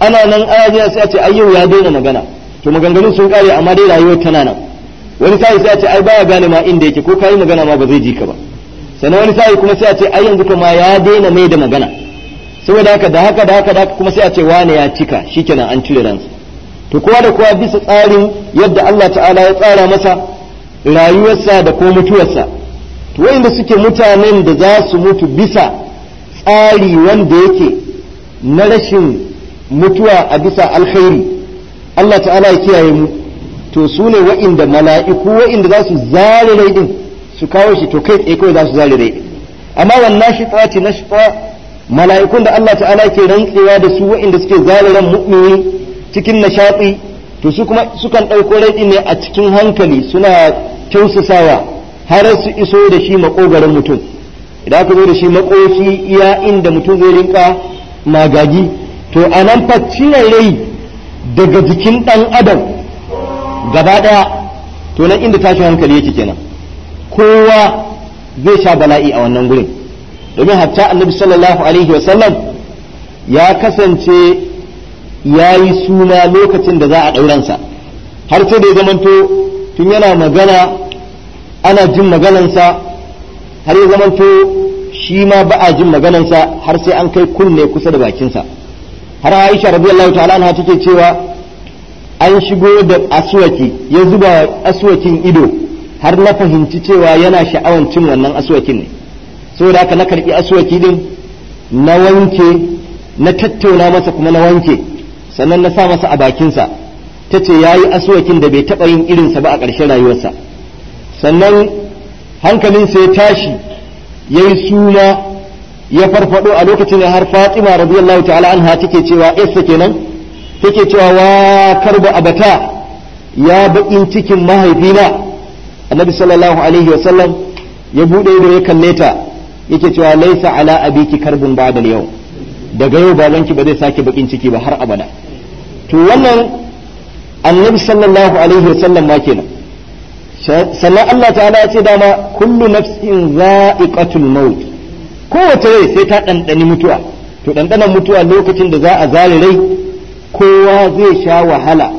ana nan ana sai a ce ai yau ya daina magana to maganganun sun kare amma dai rayuwar tana nan wani sai sai a ce ai baya gane ma inda yake ko kai magana ma ba zai ji ka ba sannan wani sa'i kuma sai a ce ai yanzu kuma ya daina mai da magana saboda haka da haka da haka da haka kuma sai a ce wane ya cika shikenan an cire ransa to kowa da kowa bisa tsarin yadda Allah ta'ala ya tsara masa rayuwarsa da ko mutuwarsa to wanda suke mutanen da za su mutu bisa tsari wanda yake na rashin mutuwa a bisa alkhairi Allah ta'ala ya kiyaye mu to su ne wa'inda mala'iku wa'inda za su zare rai su kawo shi to kai tsaye kawai za su zare amma wannan shi ce na shifa mala'ikun da Allah ta'ala ke rantsewa da su waɗanda suke zare ran mu'mini cikin nishaɗi to su kuma sukan ɗauko rai ne a cikin hankali suna tausasawa har su iso da shi makogarin mutum idan aka zo da shi makoshi iya inda mutum zai rinka magagi to a nan fa rai daga jikin ɗan adam gaba ɗaya to nan inda tashin hankali yake kenan kowa zai sha bala'i a wannan gurin domin hatta annabi sallallahu alaihi wasallam ya kasance ya yi suna lokacin da za a ɗauransa har sai da ya zamanto tun yana magana ana jin maganansa har ya zamanto shi ma ba a jin maganansa har sai an kai kunne kusa da bakinsa har aisha radiyallahu ta'ala anha take cewa an shigo da aswaki ya zuba aswakin ido har na fahimci cewa yana sha'awan cin wannan aswakin ne saboda haka na karbi aswaki din na wanke na tattauna masa kuma na wanke sannan na sa masa a bakinsa ta ce ya yi aswakin da bai taɓa yin irinsa ba a ƙarshen rayuwarsa sannan hankalinsa ya tashi ya yi suna ya farfado a lokacin da har fatima radiyallahu ta'ala anha take cewa isa kenan take cewa wa karba abata ya baƙin cikin mahaifina annabi sallallahu alaihi wasallam ya bude ido ya kalle ta yake cewa laisa ala abiki karbun ba'da yau daga yau ba babanki ba zai sake bakin ciki ba har abada to wannan annabi sallallahu alaihi wasallam ma kenan sannan Allah ta'ala ya ce dama kullu nafsin za'iqatul maut kowace rai sai ta dandani mutuwa to ɗanɗanan mutuwa lokacin da za a zare rai kowa zai sha wahala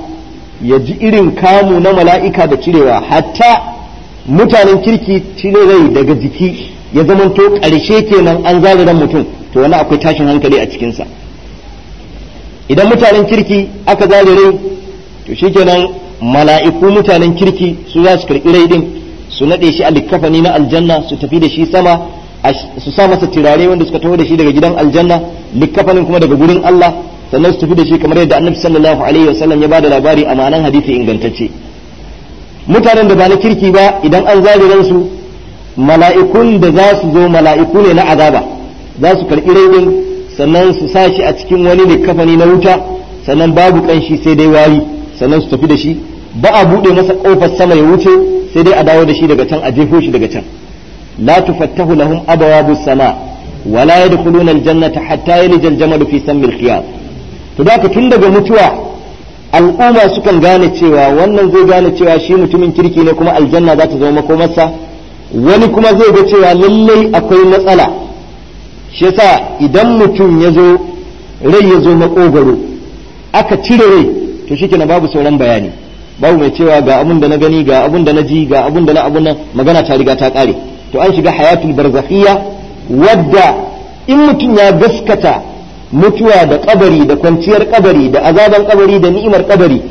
ya ji irin kamu na mala'ika da cirewa hatta mutanen kirki cire rai daga jiki ya zamanto ƙarshe kenan an ran mutum to wani akwai tashin hankali a cikinsa idan mutanen kirki aka zare rai to shikenan mala'iku mutanen kirki su za su karɓi rai din su naɗe shi a likafani na aljanna su tafi da shi sama su sa masa turare wanda suka taho da shi daga gidan aljanna likkafanin kuma daga gurin Allah sannan su tafi da shi kamar yadda annabi sallallahu alaihi wasallam ya bada labari a ma'anan hadisi ingantacce mutanen da ba na kirki ba idan an zare ransu mala'ikun da za su zo mala'iku ne na azaba za su karɓi raidin sannan su sa shi a cikin wani likafani na wuta sannan babu kanshi sai dai wari sannan su tafi da shi ba a buɗe masa ƙofar sama ya wuce sai dai a dawo da shi daga can a jefo shi daga can la tufattahu lahum abwabu sama wala yadkhuluna aljannata hatta yalija aljamalu fi sammi alkhiyar to da ka tun daga mutuwa al'umma sukan gane cewa wannan zai gane cewa shi mutumin kirki ne kuma aljanna za ta zama makomarsa wani kuma zai ga cewa lallai akwai matsala shi yasa idan mutum ya zo rai ya zo makogaro aka cire rai to shi babu sauran bayani babu mai cewa ga abun da na gani ga abun da na ji ga abun da na abun nan magana ta riga ta kare to an shiga hayatul barzakhiyya wadda in mutum ya gaskata mutuwa da kabari da kwanciyar kabari da azaban kabari da ni'imar kabari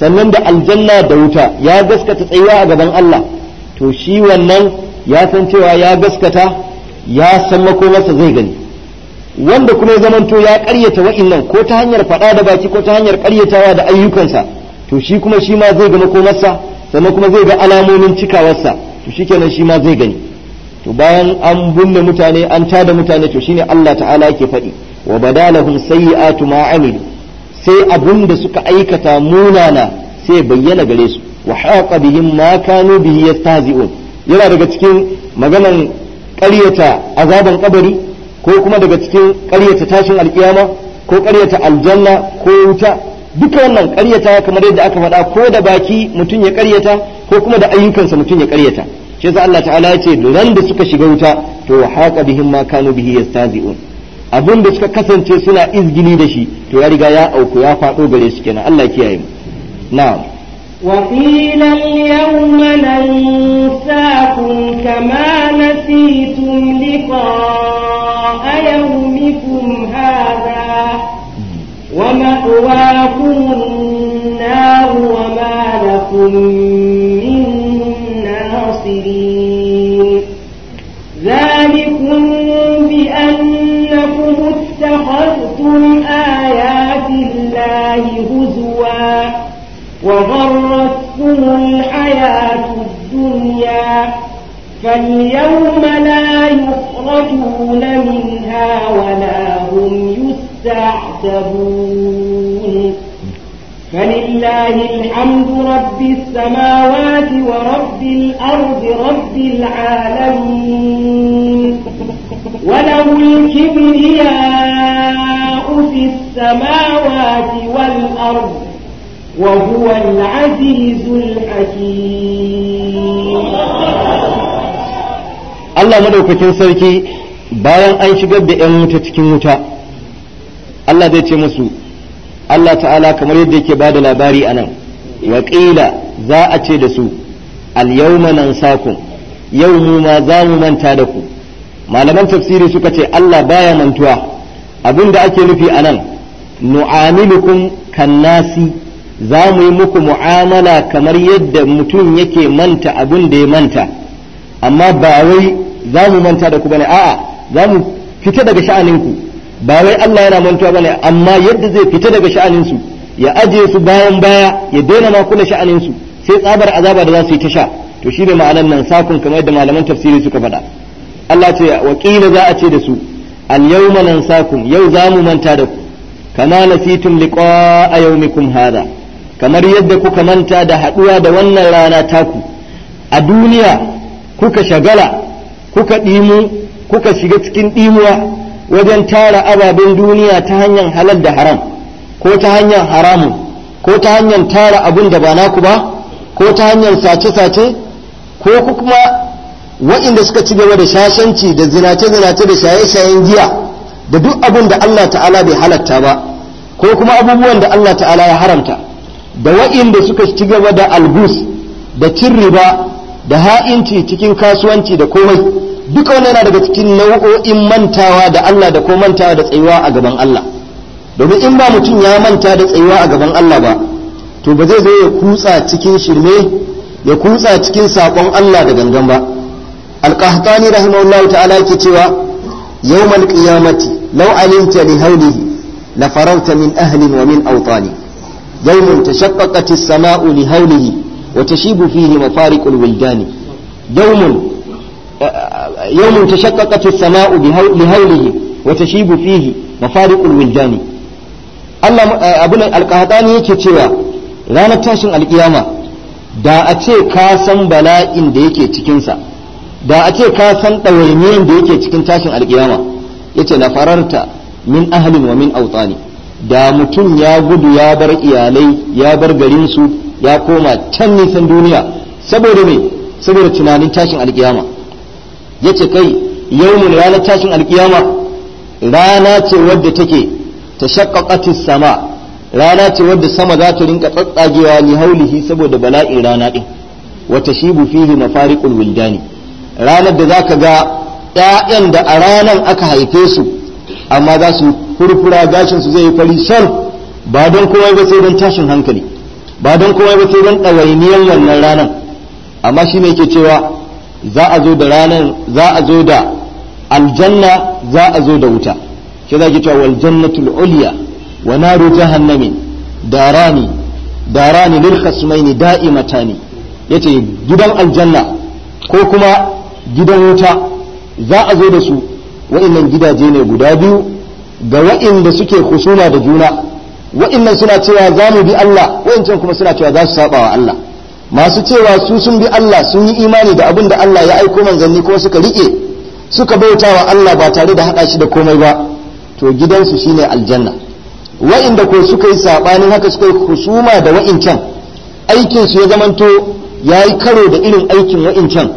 sannan da aljanna da wuta ya gaskata tsayuwa a gaban Allah to shi wannan ya san cewa ya gaskata ya san makomarsa zai gani wanda kuma ya zamanto ya ƙaryata wa'innan ko ta hanyar faɗa da baki ko ta hanyar ƙaryatawa da ayyukansa to shi kuma shi ma zai ga makomarsa sannan kuma zai ga alamomin cikawarsa to shikenan shi ma zai gani to bayan an binne mutane an tada mutane to shine Allah ta'ala yake faɗi wa badalahum sayyi'atu ma amilu sai abun da suka aikata munana sai bayyana gare su wa haqa bihim ma kanu bihi yastahzi'un yana daga cikin maganan ƙaryata azaban kabari ko kuma daga cikin ƙaryata tashin alkiyama ko ƙaryata aljanna ko wuta duka wannan ƙaryata kamar yadda aka faɗa ko da baki mutum ya ƙaryata ko kuma da ayyukansa mutum ya ƙaryata shi yasa Allah ta'ala ya ce nan da suka shiga wuta to wa haqa bihim ma kanu bihi yastahzi'un abin da suka kasance suna izgini da shi to ya riga ya auku ya faɗo gare su kenan Allah kiyaye mu na'am وقيل اليوم ننساكم كما نسيتم لقاء يومكم هذا ومأواكم النار وما لكم وغرتهم الحياة الدنيا فاليوم لا يخرجون منها ولا هم يستعتبون فلله الحمد رب السماوات ورب الأرض رب العالمين وله الكبرياء في السماوات والأرض وهو العزيز الحكيم Allah madaukakin sarki bayan an shigar da ‘yan wuta cikin wuta, Allah zai ce musu, Allah ta'ala kamar yadda yake ba da labari a nan, waƙila za a ce da su, al nan sakun, yau mu ma za mu manta da ku. Malaman tafsiri suka ce Allah baya mantuwa, abin da ake nufi a nan, kan nasi za mu yi muku mu'amala kamar yadda mutum yake manta abin da ya manta amma ba wai za mu manta da ku bane a'a za mu fita daga sha'aninku ba wai Allah yana mantuwa bane amma yadda zai fita daga sha'aninsu ya ajiye su bayan baya ya daina ma kula sha'aninsu sai tsabar azaba da za su yi ta sha to shine ma'anan nan sakun kamar yadda malaman tafsiri suka faɗa Allah ce wa za a ce da su al yawma sakun yau za mu manta da ku kama nasitum a yawmikum hadha kamar yadda kuka manta da haɗuwa da wannan rana taku a duniya kuka shagala kuka ɗimu kuka shiga cikin ɗimuwa wajen tara ababen duniya ta hanyar halal da haram ko ta hanyar haramun ko ta hanyar tara abin da ba naku ba ko ta hanyar sace-sace ko kuma waɗanda suka ci gaba da shashanci da zinace-zinace da shaye-shayen giya da duk abin da Allah ta'ala bai halatta ba ko kuma abubuwan da Allah ta'ala ya haramta da waɗanda suka ci gaba da algus da cin riba da ha'inci cikin kasuwanci da komai duka wannan yana daga cikin nau'o'in mantawa da Allah da ko mantawa da tsayuwa a gaban Allah domin in ba mutum ya manta da tsayuwa a gaban Allah ba to ba zai zo ya kutsa cikin shirme ya kutsa cikin saƙon Allah da gangan ba alqahtani rahimahullahu ta'ala yake cewa yawmal qiyamati law alimta li hawlihi la min ahlin wa min awtani يوم تشققت السماء لهوله وتشيب فيه مفارق الولدان يوم يوم تشققت السماء لهوله وتشيب فيه مفارق الولدان الله ابن alƙahatani yake cewa ranar tashin alƙiyama da a ce ka san bala'in da yake cikinsa da a ce ka san ɗawainiyan da yake cikin tashin alƙiyama yace na fararta min ahlin wa min ne. da mutum ya gudu ya bar iyalai ya bar garinsu ya koma can nisan duniya saboda me saboda tunanin tashin alkiyama ya ce kai yau ranar tashin alkiyama rana ce wadda take ta shaƙaƙatis sama rana ce wadda sama za ta rinka tsatsagewa ni haulihi saboda bala'in rana din wata shi fihi mafariqul wildani ranar da zaka ga 'ya'yan da a ranar aka haife su amma za su furfura gashin su zai yi fari shar ba don komai ba sai don tashin hankali ba don komai ba sai don ɗawainiyar wannan ranar amma shi ne ke cewa za a zo da ranar za a zo da aljanna za a zo da wuta shi za ki cewa wal jannatul ulya wa naru jahannami darani darani lil khasmaini da'imatani yace gidan aljanna ko kuma gidan wuta za a zo da su wa'annan gidaje ne guda biyu ga wa'inda suke kusuma da juna wa'innan suna cewa za mu bi Allah waɗancan kuma suna cewa za su saba wa Allah masu cewa su sun bi Allah sun yi imani da abin da Allah ya aiko manzanni kuma suka rike suka bauta wa Allah ba tare da haɗa shi da komai ba to gidansu shine aljanna Waɗanda ko suka yi sabanin haka suka yi husuma da wa'incan aikinsu ya zamanto yayi karo da irin aikin wa'incan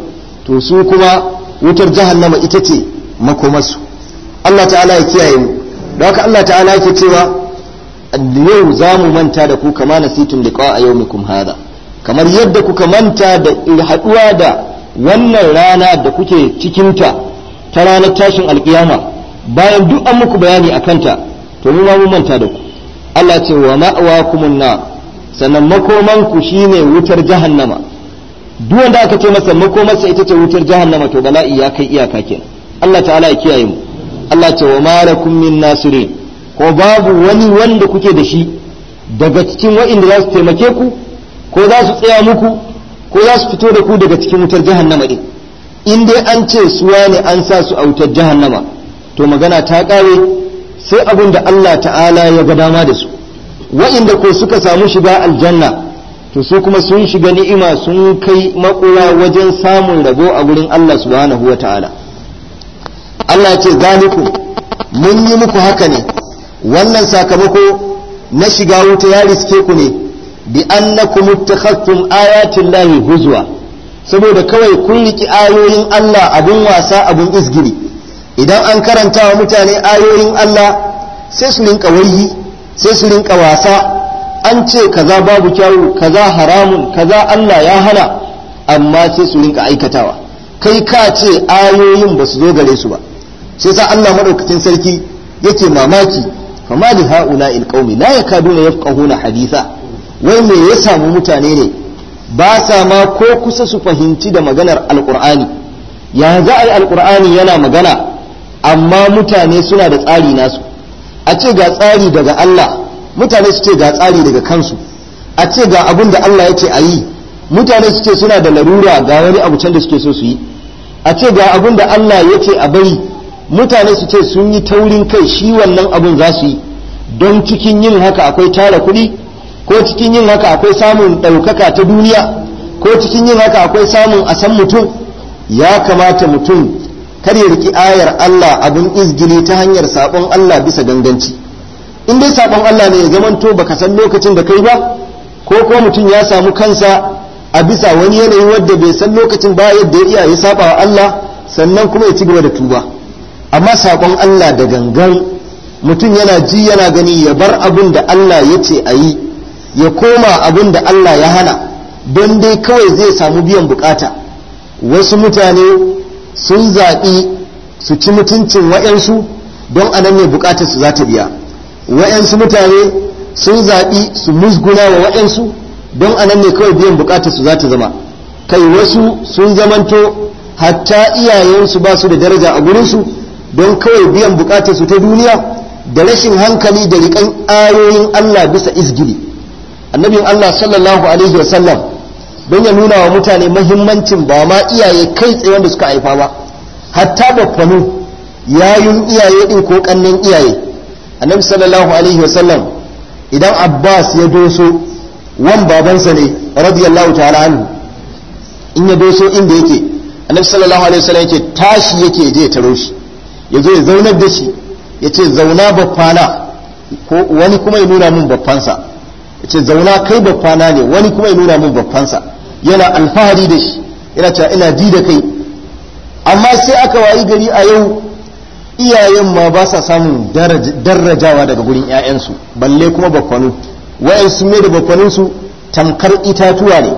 to su kuma wutar jahannama ita ce makomarsu Allah ta'ala ya kiyaye mu da haka Allah ta'ala yake cewa yau za mu manta da ku kama na sitin liqa a yau kuma hada kamar yadda kuka manta da haɗuwa da wannan rana da kuke cikinta ta ranar tashin alkiyama bayan duk an muku bayani a kanta to mu ma mu manta da ku Allah ce wa ma'awakumun na sannan makomanku shine wutar jahannama duk wanda aka ce masa makomarsa ita ce wutar jahannama to bala'i ya kai iyaka kenan Allah ta'ala ya kiyaye mu Allah ce wa mara min nasirin ko babu wani wanda kuke da shi daga cikin wa'inda za su taimake ku ko za su tsaya muku ko za su fito da ku daga cikin wutar jahannama ɗin in dai an ce suwa ne an sa su a wutar jahannama to magana ta ƙare sai abin da Allah ta'ala ya ga dama da su wa'inda ko suka samu shiga aljanna to su kuma sun shiga ni'ima sun kai makura wajen samun rago a wurin Allah subhanahu wa ta'ala Allah ce zaliku mun yi muku haka ne wannan sakamako na shiga wuta ya riske ku ne bi annakum ittakhattum ayatin lahi huzwa saboda kawai kun riki ayoyin Allah abun wasa abun isgiri idan an karanta wa mutane ayoyin Allah sai su rinka wayi sai su rinka wasa an ce kaza babu kyawu kaza haramun kaza Allah ya hana amma sai su rinka aikatawa kai ka ce ayoyin ba su zo gare su ba shi sa Allah madaukakin sarki yake mamaki fama li al qaumi la yakaduna yafqahuna haditha wai me ya samu mutane ne ba sa ma ko kusa su fahimci da maganar alqur'ani ya za a yi alqur'ani yana magana amma mutane suna da tsari nasu a ce ga tsari daga Allah mutane su ce ga tsari daga kansu a ce ga abin da Allah ya a yi mutane su ce suna da larura ga wani abu can da suke so su yi a ce ga abin da Allah ya a bari mutane su ce sun yi taurin kai shi wannan abun za su yi don cikin yin haka akwai tara kuɗi ko cikin yin haka akwai samun ɗaukaka ta duniya ko cikin yin haka akwai samun a san mutum ya kamata mutum kar ya riki ayar Allah abin izgili ta hanyar sabon Allah bisa ganganci in dai sabon Allah ne ya zamanto ba ka san lokacin da kai ba ko ko mutum ya samu kansa a bisa wani yanayi wadda bai san lokacin ba yadda ya iya ya saɓa wa Allah sannan kuma ya ci gaba da tuba amma sabon Allah da gangan mutum yana ji yana gani ya bar abin da Allah ya ce a yi ya koma abin da Allah ya hana don dai kawai zai samu biyan bukata wasu mutane sun zaɓi su ci mutuncin wa'yansu don a nan ne bukatar su za ta biya wa'yansu mutane sun zaɓi su musguna wa wa'yansu don a nan ne kawai biyan bukatar su za ta zama kai wasu sun zamanto hatta iyayensu ba su da daraja a gurinsu don kawai biyan bukatar su ta duniya da rashin hankali da rikan ayoyin Allah bisa izgili annabin Allah sallallahu alaihi wasallam don ya nuna wa mutane mahimmancin ba ma iyaye kai tsaye wanda suka haifa ba hatta baffanu yayin iyaye din ko kannin iyaye annabi sallallahu alaihi wasallam idan Abbas ya doso wan babansa ne radiyallahu ta'ala anhu in ya doso inda yake annabi sallallahu alaihi wasallam yake tashi yake je taro shi ya zo ya zaunar da shi ya ce zauna baffana wani kuma ya nuna min baffansa ya ce zauna kai bafana ne wani kuma ya nuna min baffansa yana alfahari da shi yana cewa ina ji da kai amma sai aka wayi gari a yau iyayen ma ba sa samun darajawa daga gurin 'ya'yansu balle kuma bafanu wayan sun mai da baffaninsu tamkar itatuwa ne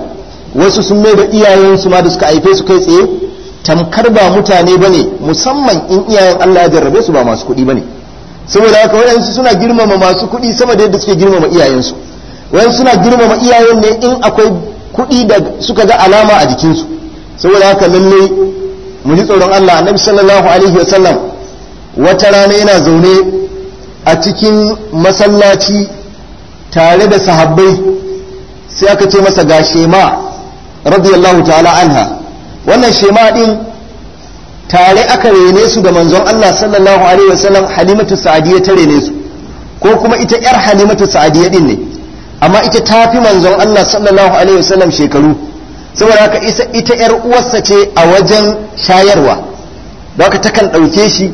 wasu sun mai da iyayensu ma da suka haife su kai tsaye tamkar ba mutane ba ne musamman in iyayen Allah ya jarrabe su ba masu kuɗi ba ne saboda haka waɗansu suna girmama masu kuɗi sama da yadda suke girmama iyayensu waɗansu suna girmama iyayen ne in akwai kuɗi da suka ga alama a jikinsu saboda haka lalle mu ji tsoron Allah annabi sallallahu alaihi wasallam wata rana yana zaune a cikin masallaci tare da sahabbai sai aka ce masa ga shema radiyallahu ta'ala anha wannan shema din tare aka rene su da manzon Allah sallallahu alaihi wasallam halimatu sa'adiyya ta rene su ko kuma ita yar halimatu sa'adiyya din ne amma ita ta fi manzon Allah sallallahu alaihi wasallam shekaru saboda haka ita yar uwarsa ce a wajen shayarwa don haka kan ɗauke shi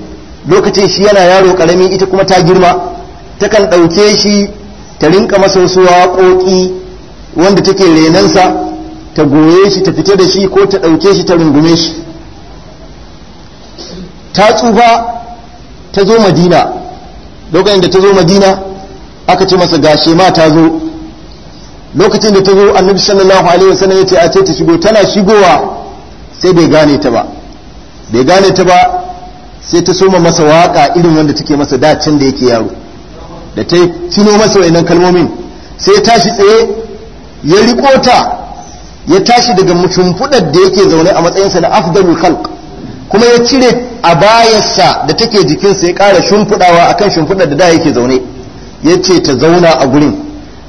lokacin shi yana yaro karami ita kuma ta girma ta kan ɗauke shi ta rinka masa wasu waƙoƙi wanda take renansa ta goye shi ta fita da shi ko ta ɗauke shi ta rungume shi ta tsufa ta zo madina lokacin da ta zo madina aka ce masa gashe ma ta zo lokacin da ta zo annabi sallallahu alaihi wasallam ya ce a ce ta shigo tana shigowa sai bai gane ta ba bai gane ta ba sai ta soma masa waka irin wanda take masa dacin da yake yaro da ta tuno masa wayannan kalmomin sai ya tashi tsaye ya riko ta ya tashi daga mutumfudar da yake zaune a matsayinsa na afdalul khalq kuma ya cire abayarsa da take jikinsa ya kara shimfiɗawa akan shimfiɗar da da yake zaune ya ce ta zauna a gurin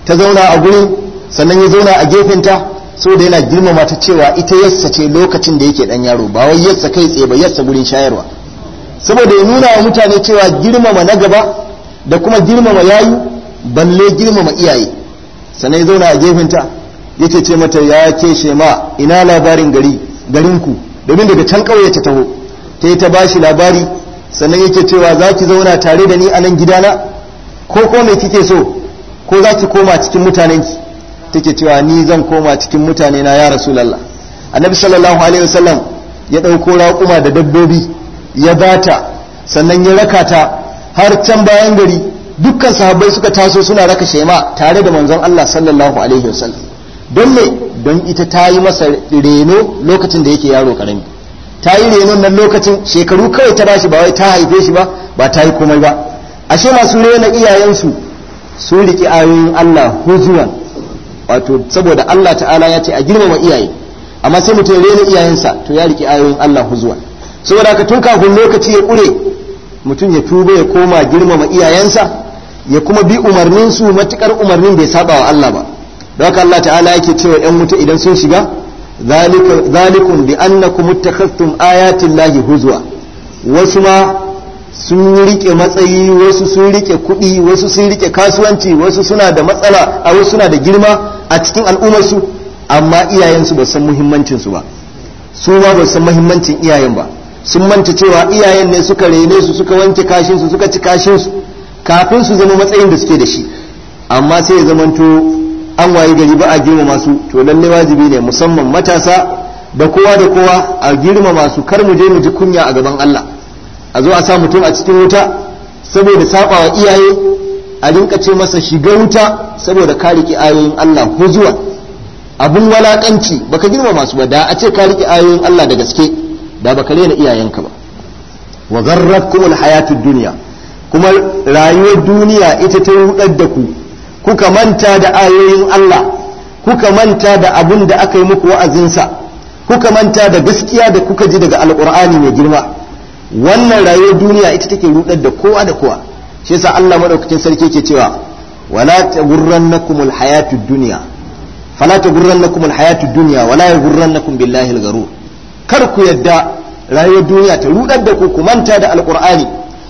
ta zauna a gurin sannan ya zauna a gefenta so da yana girmama ta cewa ita yassa ce lokacin da yake dan yaro ba wai yassa kai tsaye ba yassa gurin shayarwa saboda ya nuna wa mutane cewa girmama na gaba da kuma girmama yayu balle girmama iyaye sannan ya zauna a gefenta yake ce mata ya ke shema ina labarin gari garinku domin daga can ƙauye ta taho ta yi ta bashi labari sannan yake cewa za ki zauna tare da ni a nan gidana ko ko me kike so ko za ki koma cikin mutanenki take cewa ni zan koma cikin mutane na ya rasulallah annabi sallallahu alaihi wasallam ya ɗauko raƙuma da dabbobi ya bata sannan ya raka ta har can bayan gari dukkan sahabbai suka taso suna raka shema tare da manzon Allah sallallahu alaihi wasallam don me don ita ta yi masa reno lokacin da yake yaro karami ta yi renon nan lokacin shekaru kawai ta bashi ba wai ta haife shi ba ba ta yi komai ba ashe masu rena iyayensu su riƙi ayoyin Allah huzuwan wato saboda Allah ta'ala ya ce a girmama iyaye amma sai mutum rena iyayensa to ya riƙi ayoyin Allah huzuwan saboda ka tun kafin lokaci ya ƙure mutum ya tuba ya koma girmama iyayensa ya kuma bi umarnin su matukar umarnin bai saba wa Allah ba don Allah ta'ala yake cewa yan mutu idan sun shiga zalikun bi annakum ittakhadtum ayatin lahi huzwa wasu ma sun rike matsayi wasu sun rike kuɗi wasu sun rike kasuwanci wasu suna da matsala a wasu suna da girma a cikin al'ummarsu amma iyayensu ba san muhimmancinsu ba su ma ba san muhimmancin iyayen ba sun manta cewa iyayen ne suka rene su suka wanke kashinsu suka ci kashinsu kafin su zama matsayin da suke da shi amma sai ya zamanto an waye gari ba a girmama masu to lalle wajibi ne musamman matasa da kowa da kowa a girmama su kar mu je mu ji kunya a gaban Allah a zo a sa mutum a cikin wuta saboda sabawa iyaye a rinka ce masa shiga wuta saboda ka rike ayoyin Allah ko zuwa abun walakanci baka girmama su ba da a ce ka rike ayoyin Allah da gaske da baka rena iyayenka ba wa gharrakum alhayatud dunya kuma rayuwar duniya ita ta rudar da ku kuka manta da ayoyin Allah kuka manta da abun da aka yi muku wa'azinsa kuka manta da gaskiya da kuka ji daga alkur'ani mai girma wannan rayuwar duniya ita take rudar da kowa da kowa shi yasa Allah madaukakin sarki ke cewa wala taghurrannakumul hayatud dunya fala taghurrannakumul hayatud dunya wala yagurrannakum billahi al kar ku yadda rayuwar duniya ta rudar da ku ku manta da alkur'ani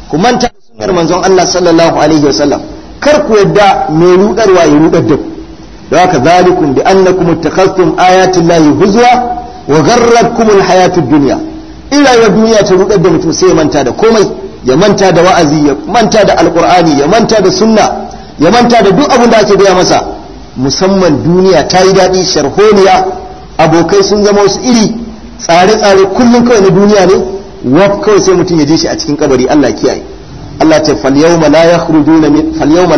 ku manta da sunnar manzon Allah sallallahu alaihi wasallam kar ku yadda mai rudarwa ya rudar da ku da haka zalikum bi annakum ittakhadhtum ayatin lahi huzwa wa gharrakum alhayatud dunya in rayuwar duniya ta rudar da mutum sai ya manta da komai ya manta da wa'azi ya manta da alqur'ani ya manta da sunna ya manta da duk abin da ake gaya masa musamman duniya ta yi daɗi sharholiya abokai sun zama wasu iri tsare-tsare kullum kawai na duniya ne wa kawai sai mutum ya je shi a cikin kabari Allah kiyaye Allah ce falyawma la yakhrujuna min falyawma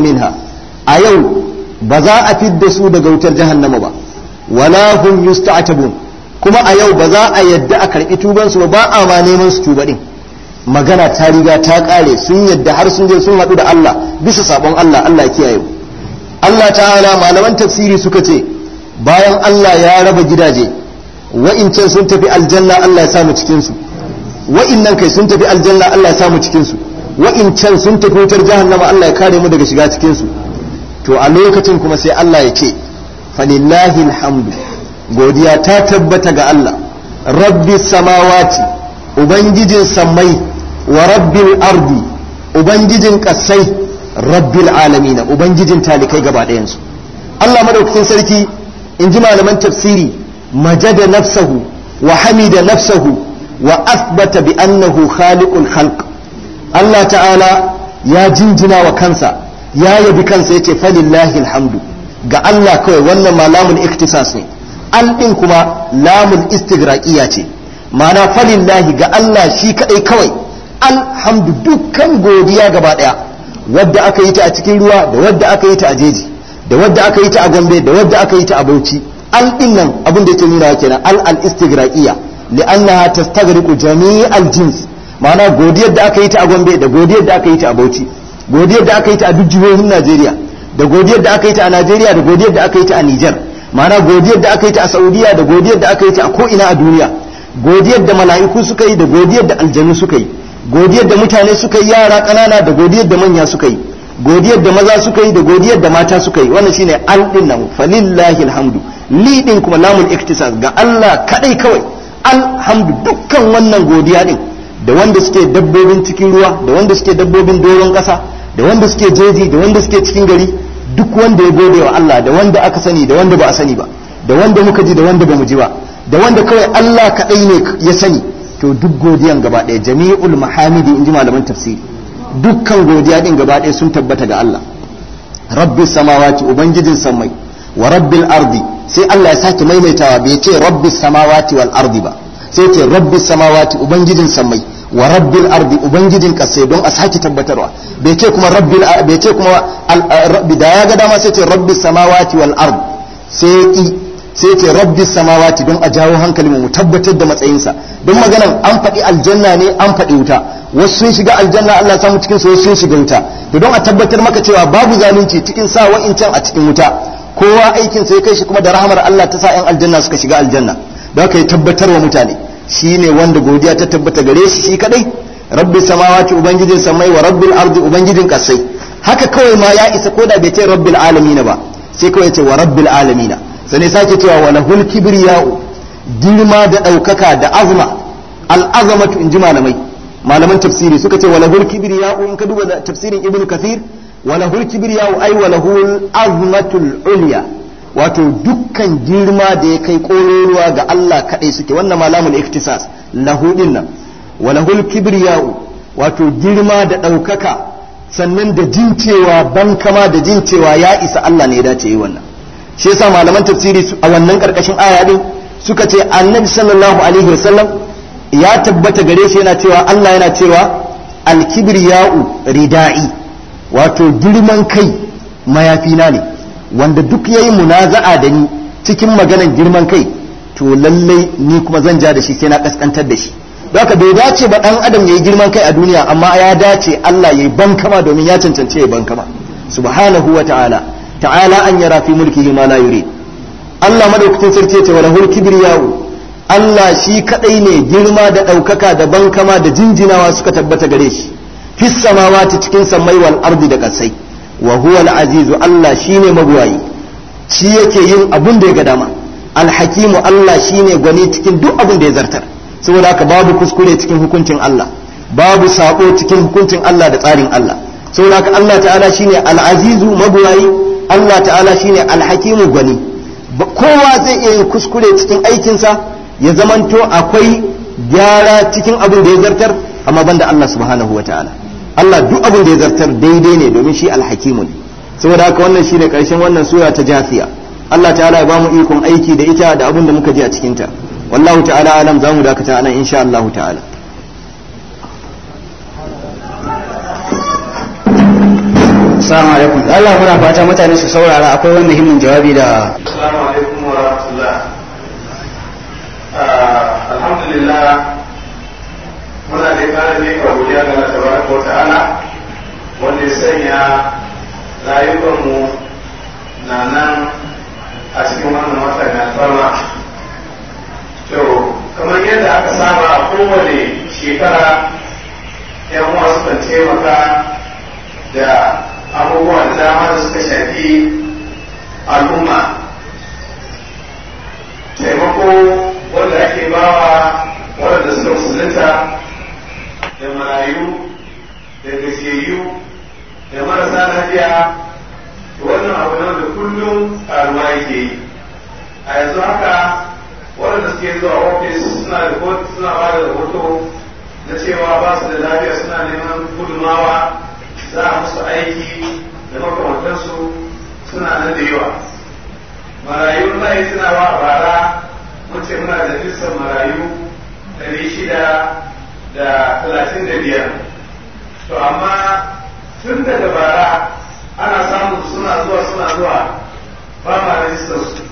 minha a yau ba za a fidda su daga wutar jahannama ba wala hum yusta'tabun kuma a yau ba za a yadda a karɓi tubansu su ba a ma neman su tuba ɗin. magana ta riga ta ƙare sun yadda har sun je sun hadu da Allah bisa sabon Allah Allah kiyaye Allah ta'ala malaman tafsiri suka ce bayan Allah ya raba gidaje wa'incan sun tafi aljanna Allah ya samu cikin su wa'innan kai sun tafi aljanna Allah ya samu cikin su wa'incan sun tafi wutar jahannama Allah ya kare mu daga shiga cikin su to a lokacin kuma sai Allah ya ce falillahi alhamdu godiya ta tabbata ga Allah rabbi samawati ubangijin sammai wa rabbil ardi ubangijin kasai rabbil alamin ubangijin talikai gaba ɗayan su Allah madaukakin sarki in ji malaman tafsiri majada nafsahu wa hamida nafsahu wa asbata bi annahu khaliqul khalq Allah ta'ala ya jinjina wa kansa ya yabi kansa yace falillahi alhamdu ga Allah kawai wannan ma lamun iktisas ne al din kuma lamul istigraqiya ce ma'ana falillahi ga Allah shi kadai kawai alhamdu dukkan godiya gaba daya wadda aka yi ta a cikin ruwa da wadda aka yi ta a jeji da wadda aka yi ta a gombe da wadda aka yi ta a bauchi al din nan abin da yake nuna kenan al al istigraqiya li'annaha tastaghriqu jami'al jins ma'ana godiyar da aka yi ta a Gombe da godiyar da aka yi ta a Bauchi godiyar da aka yi ta a duk jihohin Najeriya da godiyar da aka yi ta a Najeriya da godiyar da aka yi ta a Niger ma'ana godiyar da aka yi ta a Saudiya da godiyar da aka yi ta a ko'ina a duniya godiyar da mala'iku suka yi da godiyar da aljanu suka yi godiyar da mutane suka yi yara ƙanana da godiyar da manya suka yi godiyar da maza suka yi da godiyar da mata suka yi wannan shine al din falillahi alhamdu li din kuma lamul iktisas ga Allah kadai kawai alhamdu dukkan wannan godiya din da wanda suke dabbobin cikin ruwa da wanda suke dabbobin doron kasa da wanda suke jeji da wanda suke cikin gari duk wanda ya gode wa Allah da wanda aka sani da wanda ba a sani ba da wanda muka ji da wanda ba mu ji ba da wanda kawai Allah kaɗai ne ya sani to duk godiyan gaba ɗaya jami'ul mahamidi in malaman tafsiri dukkan godiya din gaba ɗaya sun tabbata ga Allah rabbi samawati ubangijin sammai wa rabbil ardi sai Allah ya sake maimaitawa bai ce rabbi samawati wal ardi ba sai ce rabbi samawati ubangijin sammai wa rabbil ardi ubangijin kasai don a sake tabbatarwa bai ce kuma rabbi bai ce kuma rabbi da ya ga dama sai ce rabbi samawati wal ardi sai sai ce rabbi samawati don a jawo hankali mu tabbatar da matsayinsa don maganan an faɗi aljanna ne an faɗi wuta wasu sun shiga aljanna Allah samu cikin su wasu sun shiga wuta to don a tabbatar maka cewa babu zalunci cikin sa wa'incan a cikin wuta kowa aikin sai kai shi kuma da rahamar Allah ta sa yan aljanna suka shiga aljanna da haka ya tabbatar wa mutane shine wanda godiya ta tabbata gare shi shi kadai rabbi samawati ubangijin samai wa rabbil ardi ubangijin kasai haka kawai ma ya isa koda bai ce rabbil alamin ba sai kawai ce wa rabbil alamin sai sake cewa wa lahul kibriya'u girma da daukaka da azma al azamatu inji malamai malaman tafsiri suka ce wa lahul kibriya'u in ka duba tafsirin ibnu kathir walahul kibriya ai walahul azmatul ulya wato dukkan girma da ya kai ƙororuwa ga Allah kaɗai suke wannan malamul iktisas lahu nan walahul kibriya wato girma da ɗaukaka sannan da jincewa ban kama da jincewa ya isa Allah ne ya dace yi wannan shi yasa malaman tafsiri a wannan karkashin aya din suka ce annabi sallallahu alaihi wasallam ya tabbata gare shi yana cewa Allah yana cewa al-kibriya'u rida'i wato girman kai mayafina ne wanda duk yayi munaza'a da ni cikin maganar girman kai to lallai ni kuma zan ja da shi sai na kaskantar da shi haka bai dace ba dan adam ya yi girman kai a duniya amma ya dace Allah yayi bankama domin ya cancance ya bankama subhanahu wa ta'ala ta'ala an yara fi mulkihi ma la yuri Allah madaukakin sarki ce wala hul kibriyahu Allah shi kadai ne girma da daukaka da bankama da jinjinawa suka tabbata gare shi fi samawati cikin samai wal ardi da kasai wa huwa al azizu Allah shine magwayi shi yake yin abun da ya ga dama al hakimu Allah shine gwani cikin duk abun da ya zartar saboda haka babu kuskure cikin hukuncin Allah babu sako cikin hukuncin Allah da tsarin Allah saboda haka Allah ta'ala shine al azizu magwayi Allah ta'ala shine al hakimu gwani kowa zai iya yin kuskure cikin aikinsa ya zamanto akwai gyara cikin abin da ya zartar amma banda Allah subhanahu wata'ala ta'ala Allah duk abin da ya zartar daidai ne domin shi alhakimu ne saboda haka wannan shi ne karshen wannan sura ta jafiya Allah ta'ala ya bamu ikon aiki da ita da abin da muka ji a cikin ta wallahu ta'ala alam zamu dakata anan insha Allah ta'ala Assalamu alaikum Allah muna fata mutane su saurara akwai wani muhimmin jawabi da Assalamu alaikum wa rahmatullah ah, Alhamdulillah muna da kare ne ga godiya ga ko ta'ala wanda ya sanya rayuwarmu na nan a cikin wannan wata na farma to kamar yadda aka saba a kowane shekara yan uwa sukan taimaka da abubuwa da dama da suka shafi al'umma taimako wanda ake bawa waɗanda suka musulunta da marayu da gajiyayyu da marasa lafiya wannan abu nan da kullum karuwa yake yi a yanzu haka waɗanda suke zuwa ofis suna da suna ba da rahoto na cewa ba su da lafiya suna neman gudunmawa za a musu aiki da makamantansu suna nan da yawa marayu mai suna wa a bara mun ce muna da fiskan marayu ɗari shida da talatin da biyar to amma tun daga bara ana samun suna zuwa suna zuwa ba ma rajistar su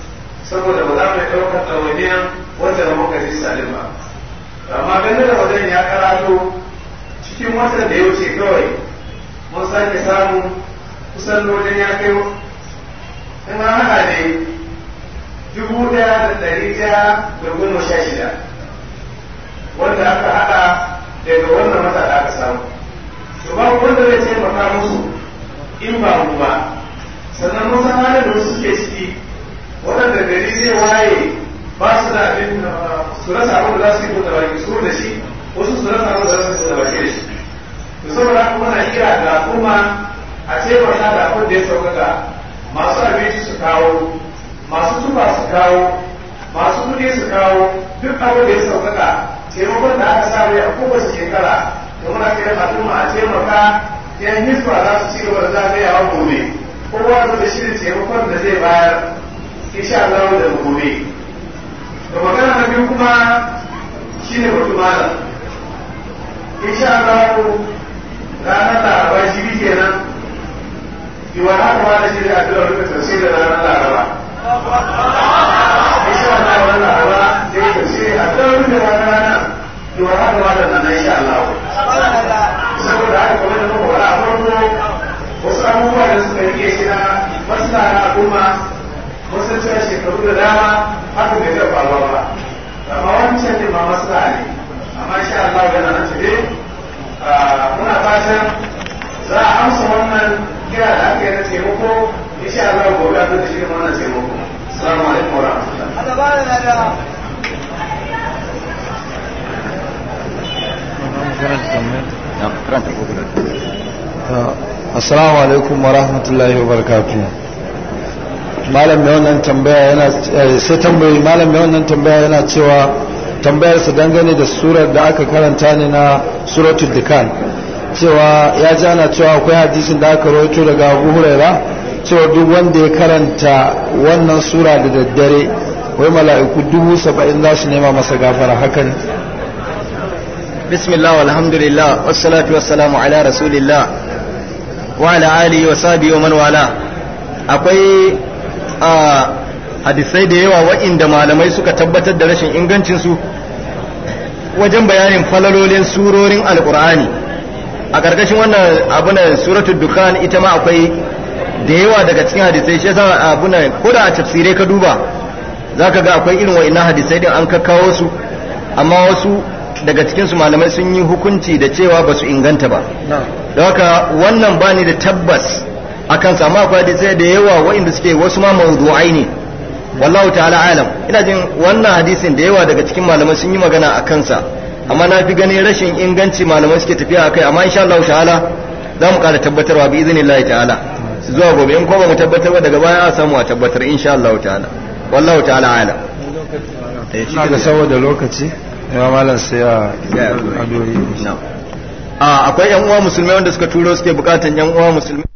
saboda ba za mu ɗaukar ɗawainiyan wajen da muka ji salim ba amma ganin da wajen ya karatu cikin watan da ya wuce kawai mun sake samu kusan lojin ya kai in an hana ne dubu ɗaya da ɗari ɗaya da goma sha shida wanda aka haɗa daga wannan wata da aka samu babu wanda zai taimaka musu in ba mu ba sannan mun san halin da suke ciki waɗanda gari zai waye ba su da abin su rasa abin da za su yi da baki su da shi wasu su rasa abin da za su yi da baki da shi da saboda kuma na kira ga al'umma a taimaka da abin da ya sauƙaƙa masu abinci su kawo masu tufa su kawo masu kuɗi su kawo duk abin da ya sauƙaƙa taimakon da aka sa a kowace shekara da muna kiran kuma a taimaka yan hisba za su ci gaba da a gobe kowa da da shirin taimakon da zai bayar insha Allah da gobe da magana na biyu kuma shine mutum malam insha Allah ranar laraba shi kenan yiwa na kuma da shirin addu'a duka da ranar laraba insha Allah ranar laraba sai a addu'a duka ranar rana yiwa na kuma da nan saboda haka kamar da muka wala farko wasu abubuwa da suka rike shi na na al'umma wasu cewa shekaru da dama haka bai taɓa faruwa ba amma wancan ne ma masana ne amma Allah na tafi ah, muna fatan za a amsa wannan kira da aka yi na taimako insha Allah gobe a da wannan taimako alaikum wa rahmatullah Gracias. Ah, assalamu alaikum wa rahmatullahi wa barakatu malam mai wannan tambaya yana eh, sai tambayi malam mai wannan tambaya yana cewa tambayar su dangane da surar da aka karanta ne na suratul dukan cewa ya ji ana cewa akwai hadisin da aka rawaito daga Abu Huraira cewa duk wanda ya karanta wannan sura da daddare wai mala'iku dubu saba'in za su nema masa gafara hakan بسم الله والحمد لله والصلاة والسلام على رسول الله وعلى آله wa man wala akwai a hadisai da yawa wa'inda malamai suka tabbatar da rashin ingancinsu wajen bayanin falalolin surorin alkur'ani a ƙarƙashin wannan abunan suratul dukkan ita ma akwai da yawa daga cikin hadisai shi yasa abunan ko da a tafsirai ka duba zaka ga akwai irin wa'annan hadisai din an kakkawo su amma wasu daga cikinsu malamai sun yi hukunci da cewa ba su inganta ba da haka wannan ba ni da tabbas a kan samu akwai sai da yawa wa'inda suke wasu ma mawdu'ai ne wallahu ta'ala alam ina jin wannan hadisin da yawa daga cikin malamai sun yi magana a kansa amma na fi ganin rashin inganci malamai suke tafiya a kai amma insha Allah ta'ala za mu ƙara tabbatarwa bi iznillahi ta'ala zuwa gobe in ko ba mu tabbatar daga baya a samu a tabbatar insha Allah ta'ala wallahu ta'ala alam eh, na ga saboda lokaci yawa malam sai a ah, akwai yan uwa musulmai wanda suka turo suke bukatan yan uwa musulmai